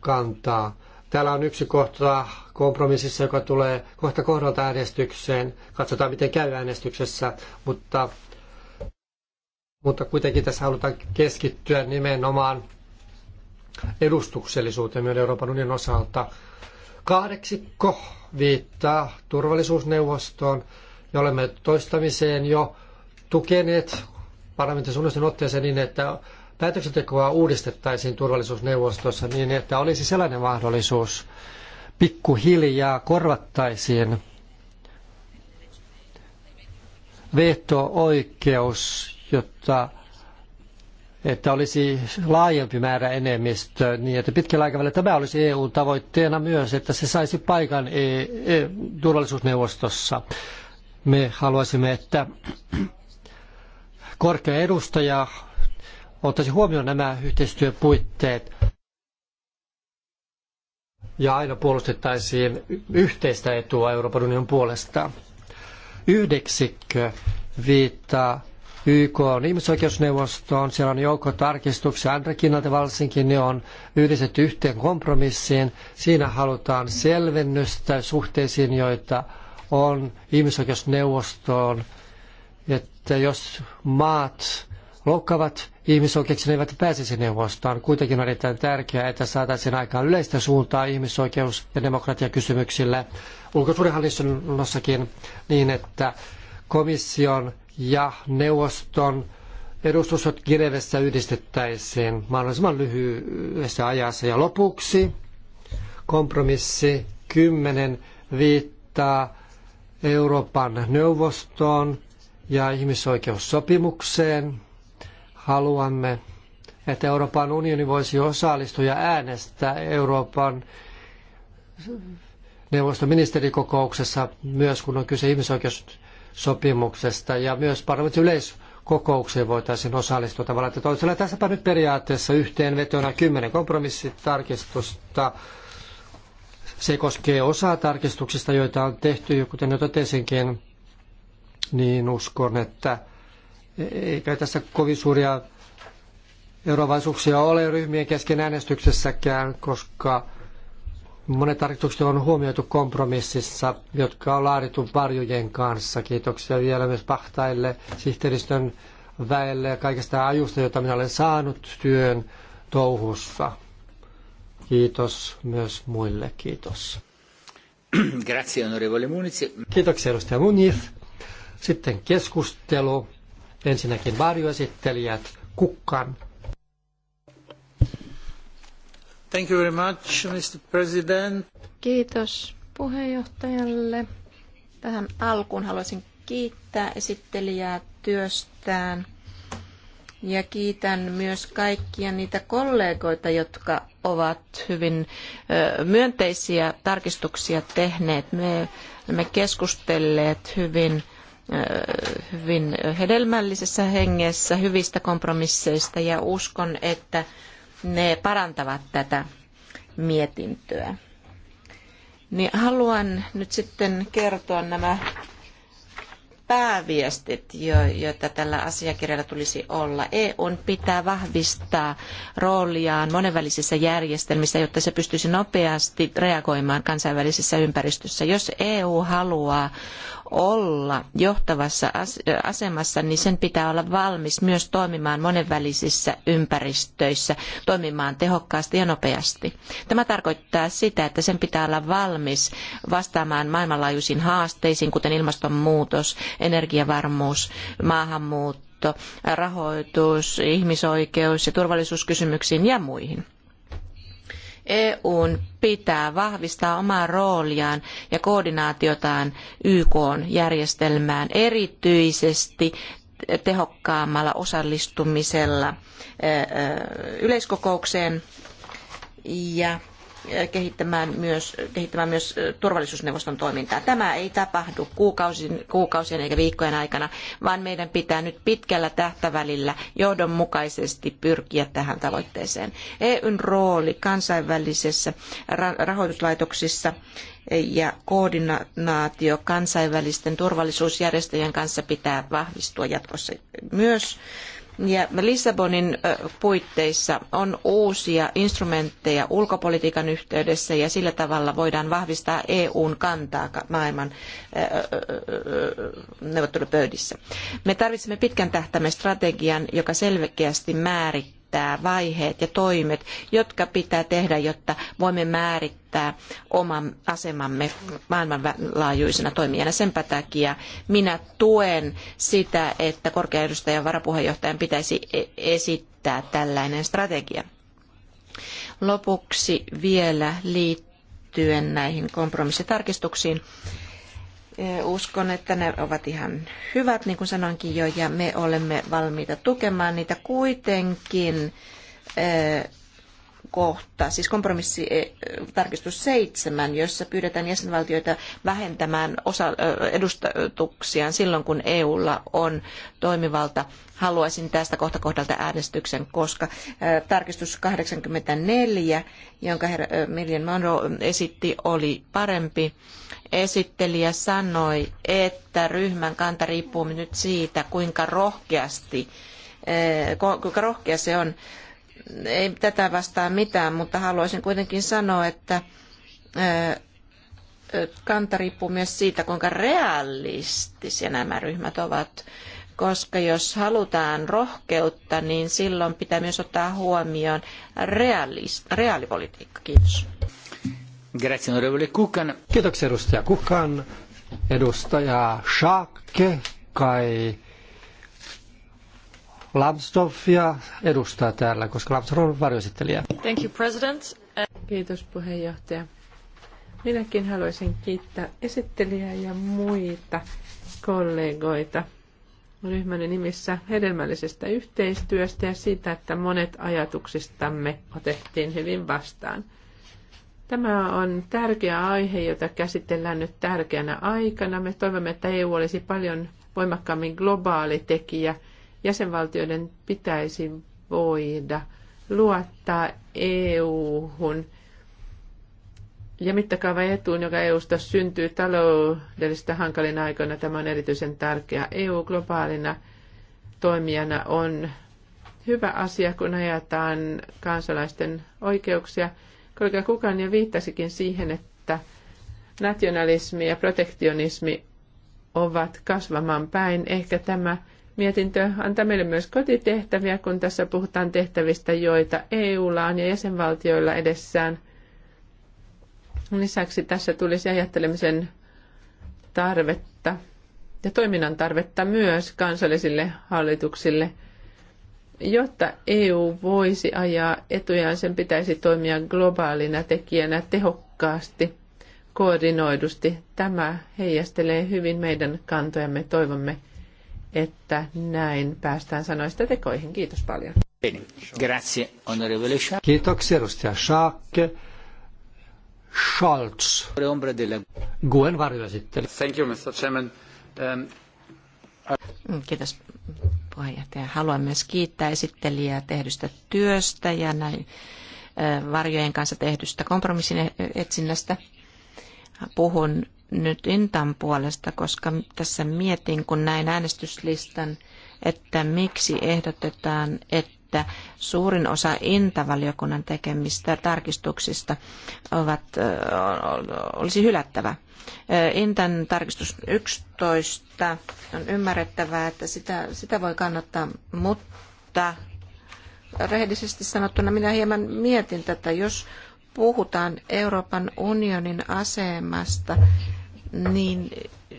kantaa. Täällä on yksi kohta kompromississa, joka tulee kohta kohdalta äänestykseen. Katsotaan, miten käy äänestyksessä, mutta, mutta kuitenkin tässä halutaan keskittyä nimenomaan edustuksellisuuteen myös Euroopan unionin osalta. Kahdeksikko viittaa turvallisuusneuvostoon, ja olemme toistamiseen jo tukeneet parlamentin suunnitelman otteeseen niin, että päätöksentekoa uudistettaisiin turvallisuusneuvostossa niin, että olisi sellainen mahdollisuus pikkuhiljaa korvattaisiin veto-oikeus, jotta että olisi laajempi määrä enemmistö, niin että pitkällä aikavälillä tämä olisi EU-tavoitteena myös, että se saisi paikan e, e, turvallisuusneuvostossa. Me haluaisimme, että korkea edustaja ottaisi huomioon nämä yhteistyöpuitteet ja aina puolustettaisiin yhteistä etua Euroopan unionin puolesta. Yhdeksikkö viittaa YK on ihmisoikeusneuvostoon. Siellä on joukko tarkistuksia Andrekinalta varsinkin. Ne on yhdistetty yhteen kompromissiin. Siinä halutaan selvennystä suhteisiin, joita on ihmisoikeusneuvostoon. Että jos maat loukkaavat ihmisoikeuksia, ne eivät pääsisi neuvostoon. Kuitenkin on erittäin tärkeää, että saataisiin aikaan yleistä suuntaa ihmisoikeus- ja demokratiakysymyksille ulkosuudenhallinnossakin niin, että komission ja neuvoston edustusot Genevessä yhdistettäisiin mahdollisimman lyhyessä ajassa. Ja lopuksi kompromissi 10 viittaa Euroopan neuvostoon ja ihmisoikeussopimukseen. Haluamme, että Euroopan unioni voisi osallistua ja äänestää Euroopan neuvoston ministerikokouksessa myös kun on kyse ihmisoikeussopimuksesta sopimuksesta ja myös parlamentin yleiskokoukseen voitaisiin osallistua tavalla että toisella. Tässäpä nyt periaatteessa yhteenvetona kymmenen kompromissitarkistusta. Se koskee osaa tarkistuksista, joita on tehty, kuten jo totesinkin, niin uskon, että eikä tässä kovin suuria eroavaisuuksia ole ryhmien kesken äänestyksessäkään, koska Monet tarkoitukset on huomioitu kompromississa, jotka on laadittu varjojen kanssa. Kiitoksia vielä myös Pahtaille, sihteeristön väelle ja kaikesta ajusta, jota minä olen saanut työn touhussa. Kiitos myös muille, kiitos. Grazie, onorevole Muniz. Kiitoksia, edustaja Muniz. Sitten keskustelu. Ensinnäkin varjoesittelijät Kukkan Thank you very much, Mr. President. Kiitos puheenjohtajalle. Tähän alkuun haluaisin kiittää esittelijää työstään ja kiitän myös kaikkia niitä kollegoita, jotka ovat hyvin myönteisiä tarkistuksia tehneet. Me olemme keskustelleet hyvin, hyvin hedelmällisessä hengessä hyvistä kompromisseista ja uskon, että ne parantavat tätä mietintöä. Niin haluan nyt sitten kertoa nämä pääviestit, joita tällä asiakirjalla tulisi olla. EU pitää vahvistaa rooliaan monenvälisissä järjestelmissä, jotta se pystyisi nopeasti reagoimaan kansainvälisessä ympäristössä. Jos EU haluaa olla johtavassa asemassa, niin sen pitää olla valmis myös toimimaan monenvälisissä ympäristöissä, toimimaan tehokkaasti ja nopeasti. Tämä tarkoittaa sitä, että sen pitää olla valmis vastaamaan maailmanlaajuisiin haasteisiin, kuten ilmastonmuutos, energiavarmuus, maahanmuutto, rahoitus, ihmisoikeus ja turvallisuuskysymyksiin ja muihin. EUn pitää vahvistaa omaa rooliaan ja koordinaatiotaan YK-järjestelmään erityisesti tehokkaammalla osallistumisella eh, eh, yleiskokoukseen ja kehittämään myös, kehittämään myös turvallisuusneuvoston toimintaa. Tämä ei tapahdu kuukausien, kuukausien eikä viikkojen aikana, vaan meidän pitää nyt pitkällä tähtävälillä johdonmukaisesti pyrkiä tähän tavoitteeseen. EUn rooli kansainvälisessä rahoituslaitoksissa ja koordinaatio kansainvälisten turvallisuusjärjestöjen kanssa pitää vahvistua jatkossa myös ja Lissabonin puitteissa on uusia instrumentteja ulkopolitiikan yhteydessä ja sillä tavalla voidaan vahvistaa EUn kantaa maailman neuvottelupöydissä. Me tarvitsemme pitkän tähtäimen strategian, joka selkeästi määrittää määrittää vaiheet ja toimet, jotka pitää tehdä, jotta voimme määrittää oman asemamme maailmanlaajuisena toimijana. Senpä takia minä tuen sitä, että korkean edustajan varapuheenjohtajan pitäisi e- esittää tällainen strategia. Lopuksi vielä liittyen näihin kompromissitarkistuksiin. Uskon, että ne ovat ihan hyvät, niin kuin sanoinkin jo, ja me olemme valmiita tukemaan niitä kuitenkin kohta, siis kompromissi tarkistus seitsemän, jossa pyydetään jäsenvaltioita vähentämään osa, edustuksiaan silloin, kun EUlla on toimivalta. Haluaisin tästä kohta kohdalta äänestyksen, koska tarkistus 84, jonka herra Million Monroe esitti, oli parempi esittelijä sanoi, että ryhmän kanta riippuu nyt siitä, kuinka rohkeasti, eh, kuinka rohkea se on. Ei tätä vastaan mitään, mutta haluaisin kuitenkin sanoa, että eh, kanta riippuu myös siitä, kuinka realistisia nämä ryhmät ovat. Koska jos halutaan rohkeutta, niin silloin pitää myös ottaa huomioon reaalipolitiikka. Kiitos. Grazie, onorevole Kukan. Kiitoksia edustaja Kukan. Edustaja Schaake kai Lambsdorffia edustaa täällä, koska Lambsdorff on varjoesittelijä. Thank you, President. Kiitos puheenjohtaja. Minäkin haluaisin kiittää esittelijää ja muita kollegoita ryhmän nimissä hedelmällisestä yhteistyöstä ja siitä, että monet ajatuksistamme otettiin hyvin vastaan. Tämä on tärkeä aihe, jota käsitellään nyt tärkeänä aikana. Me toivomme, että EU olisi paljon voimakkaammin globaali tekijä. Jäsenvaltioiden pitäisi voida luottaa EU-hun ja mittakaava etuun, joka EUsta syntyy taloudellista hankalina aikoina. Tämä on erityisen tärkeä. EU globaalina toimijana on hyvä asia, kun ajataan kansalaisten oikeuksia – Kollega Kukan jo viittasikin siihen, että nationalismi ja protektionismi ovat kasvamaan päin. Ehkä tämä mietintö antaa meille myös kotitehtäviä, kun tässä puhutaan tehtävistä, joita EUlla on ja jäsenvaltioilla edessään. Lisäksi tässä tulisi ajattelemisen tarvetta ja toiminnan tarvetta myös kansallisille hallituksille – Jotta EU voisi ajaa etujaan, sen pitäisi toimia globaalina tekijänä tehokkaasti, koordinoidusti. Tämä heijastelee hyvin meidän kantojamme. Toivomme, että näin päästään sanoista tekoihin. Kiitos paljon. Grazie, Kiitoksia, edustaja Schaakke. Scholz. Guen varjoesittely. Thank you, Mr. Chairman. Um, Kiitos puheenjohtaja. Haluan myös kiittää esittelijää tehdystä työstä ja näin varjojen kanssa tehdystä kompromissin e- etsinnästä. Puhun nyt Intan puolesta, koska tässä mietin, kun näin äänestyslistan, että miksi ehdotetaan, että että suurin osa Intavaliokunnan tekemistä tarkistuksista ovat, olisi hylättävä. Intan tarkistus 11 on ymmärrettävää, että sitä, sitä voi kannattaa, mutta rehellisesti sanottuna minä hieman mietin tätä, jos puhutaan Euroopan unionin asemasta, niin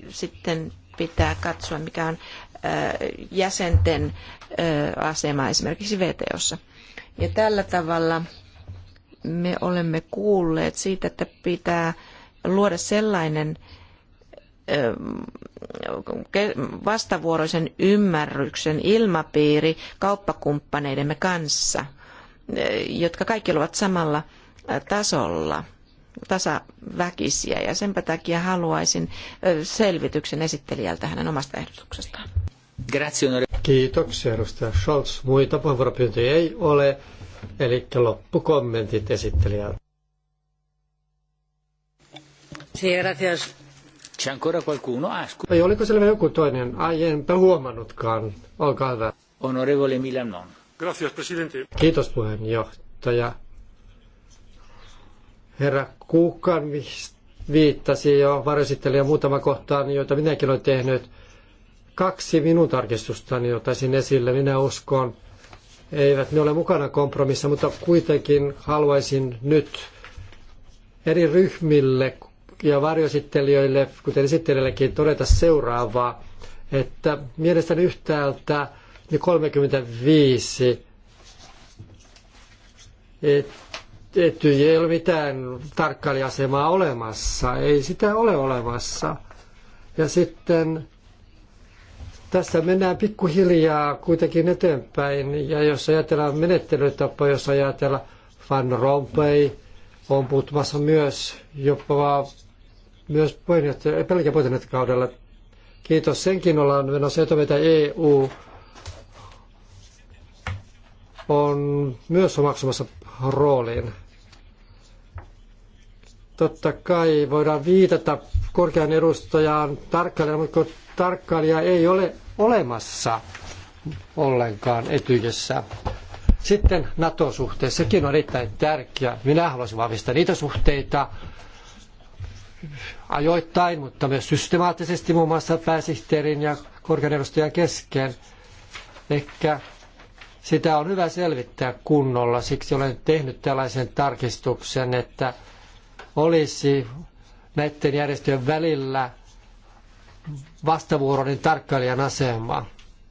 sitten pitää katsoa, mikä on jäsenten asema esimerkiksi VTOssa. Ja tällä tavalla me olemme kuulleet siitä, että pitää luoda sellainen vastavuoroisen ymmärryksen ilmapiiri kauppakumppaneidemme kanssa, jotka kaikki ovat samalla tasolla – tasaväkisiä ja senpä takia haluaisin selvityksen esittelijältä hänen omasta ehdotuksestaan. Kiitoksia edustaja Scholz. Muita puheenvuoropyyntöjä ei ole, eli loppukommentit esittelijältä. C'è ancora qualcuno? Ah, ei, oliko selvä joku toinen? Ai, enpä huomannutkaan. Olkaa hyvä. Onorevole Milanon. Gracias, presidente. Kiitos puheenjohtaja. Herra Kuukan viittasi jo varjosittelijä muutama kohtaan, joita minäkin olen tehnyt. Kaksi minun tarkistustani ottaisin esille. Minä uskon, eivät ne ole mukana kompromissa, mutta kuitenkin haluaisin nyt eri ryhmille ja varjosittelijöille, kuten esittelijällekin, todeta seuraavaa, että mielestäni yhtäältä ne niin 35, että ei ole mitään tarkkailijasemaa olemassa. Ei sitä ole olemassa. Ja sitten tässä mennään pikkuhiljaa kuitenkin eteenpäin. Ja jos ajatellaan menettelytapa, jos ajatellaan Van Rompuy, on puuttumassa myös jopa myös puheenjohtaja, pelkän kaudella Kiitos senkin ollaan menossa etuvetä EU on myös omaksumassa rooliin. Totta kai voidaan viitata korkean edustajaan tarkkailijana, mutta tarkkailija ei ole olemassa ollenkaan etyjessä. Sitten NATO-suhteessa, sekin on erittäin tärkeä. Minä haluaisin vahvistaa niitä suhteita ajoittain, mutta myös systemaattisesti muun muassa pääsihteerin ja korkean edustajan kesken. Ehkä sitä on hyvä selvittää kunnolla, siksi olen tehnyt tällaisen tarkistuksen, että olisi näiden järjestöjen välillä vastavuoroinen tarkkailijan asema.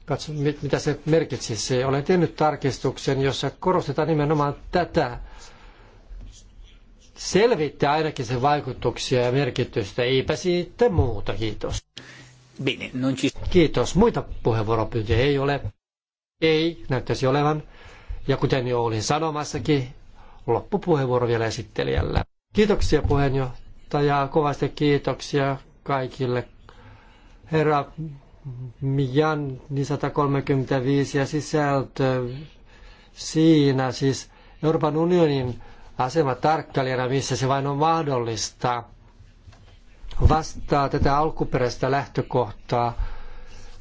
Katso, mitä se merkitsisi. Olen tehnyt tarkistuksen, jossa korostetaan nimenomaan tätä. Selvittää ainakin sen vaikutuksia ja merkitystä. Eipä siitä muuta. Kiitos. Bene, non ci... Kiitos. Muita puheenvuoropyyntöjä ei ole. Ei näyttäisi olevan. Ja kuten jo olin sanomassakin, loppupuheenvuoro vielä esittelijällä. Kiitoksia puheenjohtaja, kovasti kiitoksia kaikille. Herra Mijan 135 niin ja sisältö siinä siis Euroopan unionin asema tarkkailijana, missä se vain on mahdollista, vastaa tätä alkuperäistä lähtökohtaa.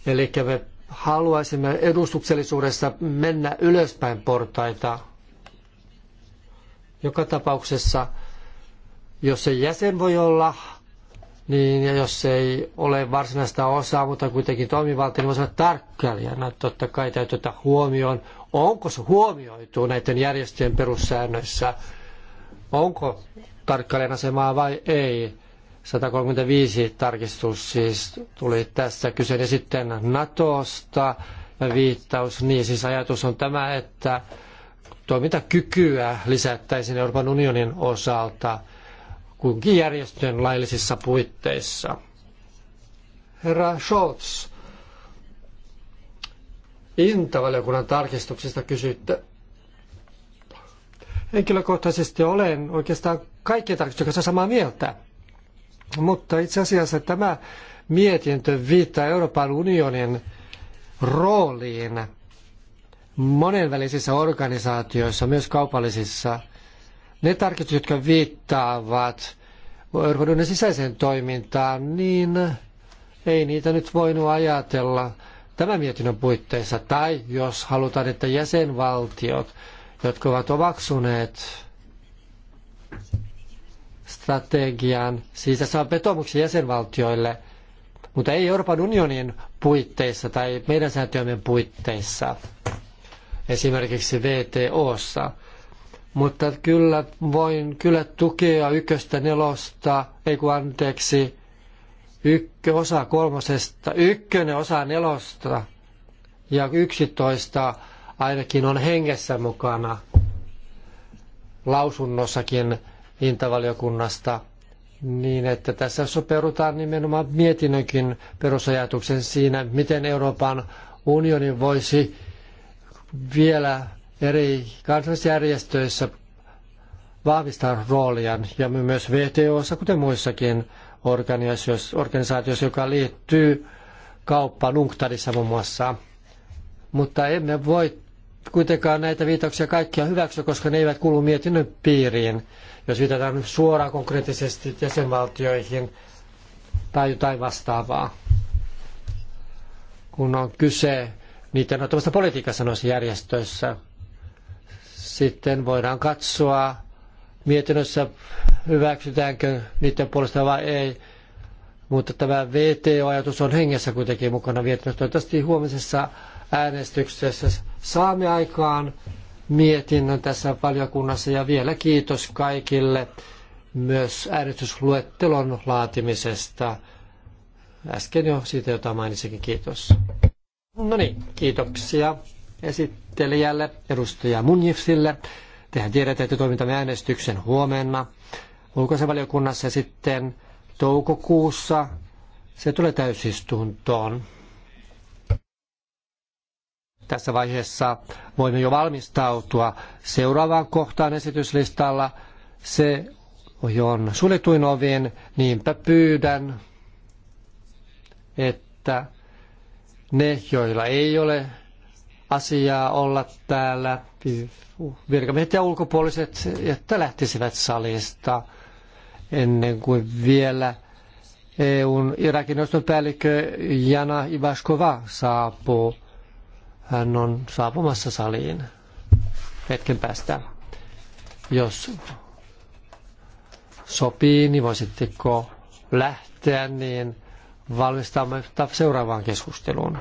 Eli me haluaisimme edustuksellisuudessa mennä ylöspäin portaita. Joka tapauksessa, jos se jäsen voi olla, niin ja jos ei ole varsinaista osaa, mutta kuitenkin toimivalta, niin voisi olla tarkkailijana. Totta kai täytyy ottaa huomioon, onko se huomioitu näiden järjestöjen perussäännöissä, onko tarkkailijan asemaa vai ei. 135 tarkistus siis tuli tässä kyse. Ja sitten NATOsta viittaus, niin siis ajatus on tämä, että toimintakykyä lisättäisiin Euroopan unionin osalta kunkin järjestön laillisissa puitteissa. Herra Scholz, Intavaliokunnan tarkistuksista kysytte. Henkilökohtaisesti olen oikeastaan kaikkien tarkistusten kanssa samaa mieltä. Mutta itse asiassa tämä mietintö viittaa Euroopan unionin rooliin monenvälisissä organisaatioissa, myös kaupallisissa. Ne tarkistukset, jotka viittaavat Euroopan unionin sisäiseen toimintaan, niin ei niitä nyt voinut ajatella tämän mietinnön puitteissa. Tai jos halutaan, että jäsenvaltiot, jotka ovat omaksuneet strategian. Siis tässä on vetomuksia jäsenvaltioille, mutta ei Euroopan unionin puitteissa tai meidän sääntöjemme puitteissa, esimerkiksi VTOssa. Mutta kyllä voin kyllä tukea ykköstä nelosta, ei kun anteeksi, ykkö osa kolmosesta, ykkönen osa nelosta ja yksitoista ainakin on hengessä mukana lausunnossakin hintavaliokunnasta niin, että tässä sopeudutaan nimenomaan mietinnönkin perusajatuksen siinä, miten Euroopan unioni voisi vielä eri kansallisjärjestöissä vahvistaa rooliaan ja myös VTOssa, kuten muissakin organisaatioissa, joka liittyy kauppaan muun muassa. Mutta emme voi kuitenkaan näitä viitauksia kaikkia hyväksyä, koska ne eivät kuulu mietinnön piiriin jos viitataan suoraan konkreettisesti jäsenvaltioihin tai jotain vastaavaa. Kun on kyse niiden ottamasta politiikassa noissa järjestöissä, sitten voidaan katsoa mietinnössä hyväksytäänkö niiden puolesta vai ei. Mutta tämä VTO-ajatus on hengessä kuitenkin mukana mietinnössä. Toivottavasti huomisessa äänestyksessä saamme aikaan mietinnön tässä valiokunnassa ja vielä kiitos kaikille myös äänestysluettelon laatimisesta. Äsken jo siitä jotain mainitsinkin, kiitos. No niin, kiitoksia esittelijälle, edustaja Munjifsille. Tehän tiedätte, että toimitamme äänestyksen huomenna ulkoasevaliokunnassa ja sitten toukokuussa se tulee täysistuntoon. Tässä vaiheessa voimme jo valmistautua seuraavaan kohtaan esityslistalla. Se on suljetuin ovin, niinpä pyydän, että ne, joilla ei ole asiaa olla täällä, virkamiehet ja ulkopuoliset, että lähtisivät salista ennen kuin vielä EUn Irakin oston päällikkö Jana Ivaskova saapuu. Hän on saapumassa saliin hetken päästä. Jos sopii, niin voisitteko lähteä, niin valmistamme seuraavaan keskusteluun.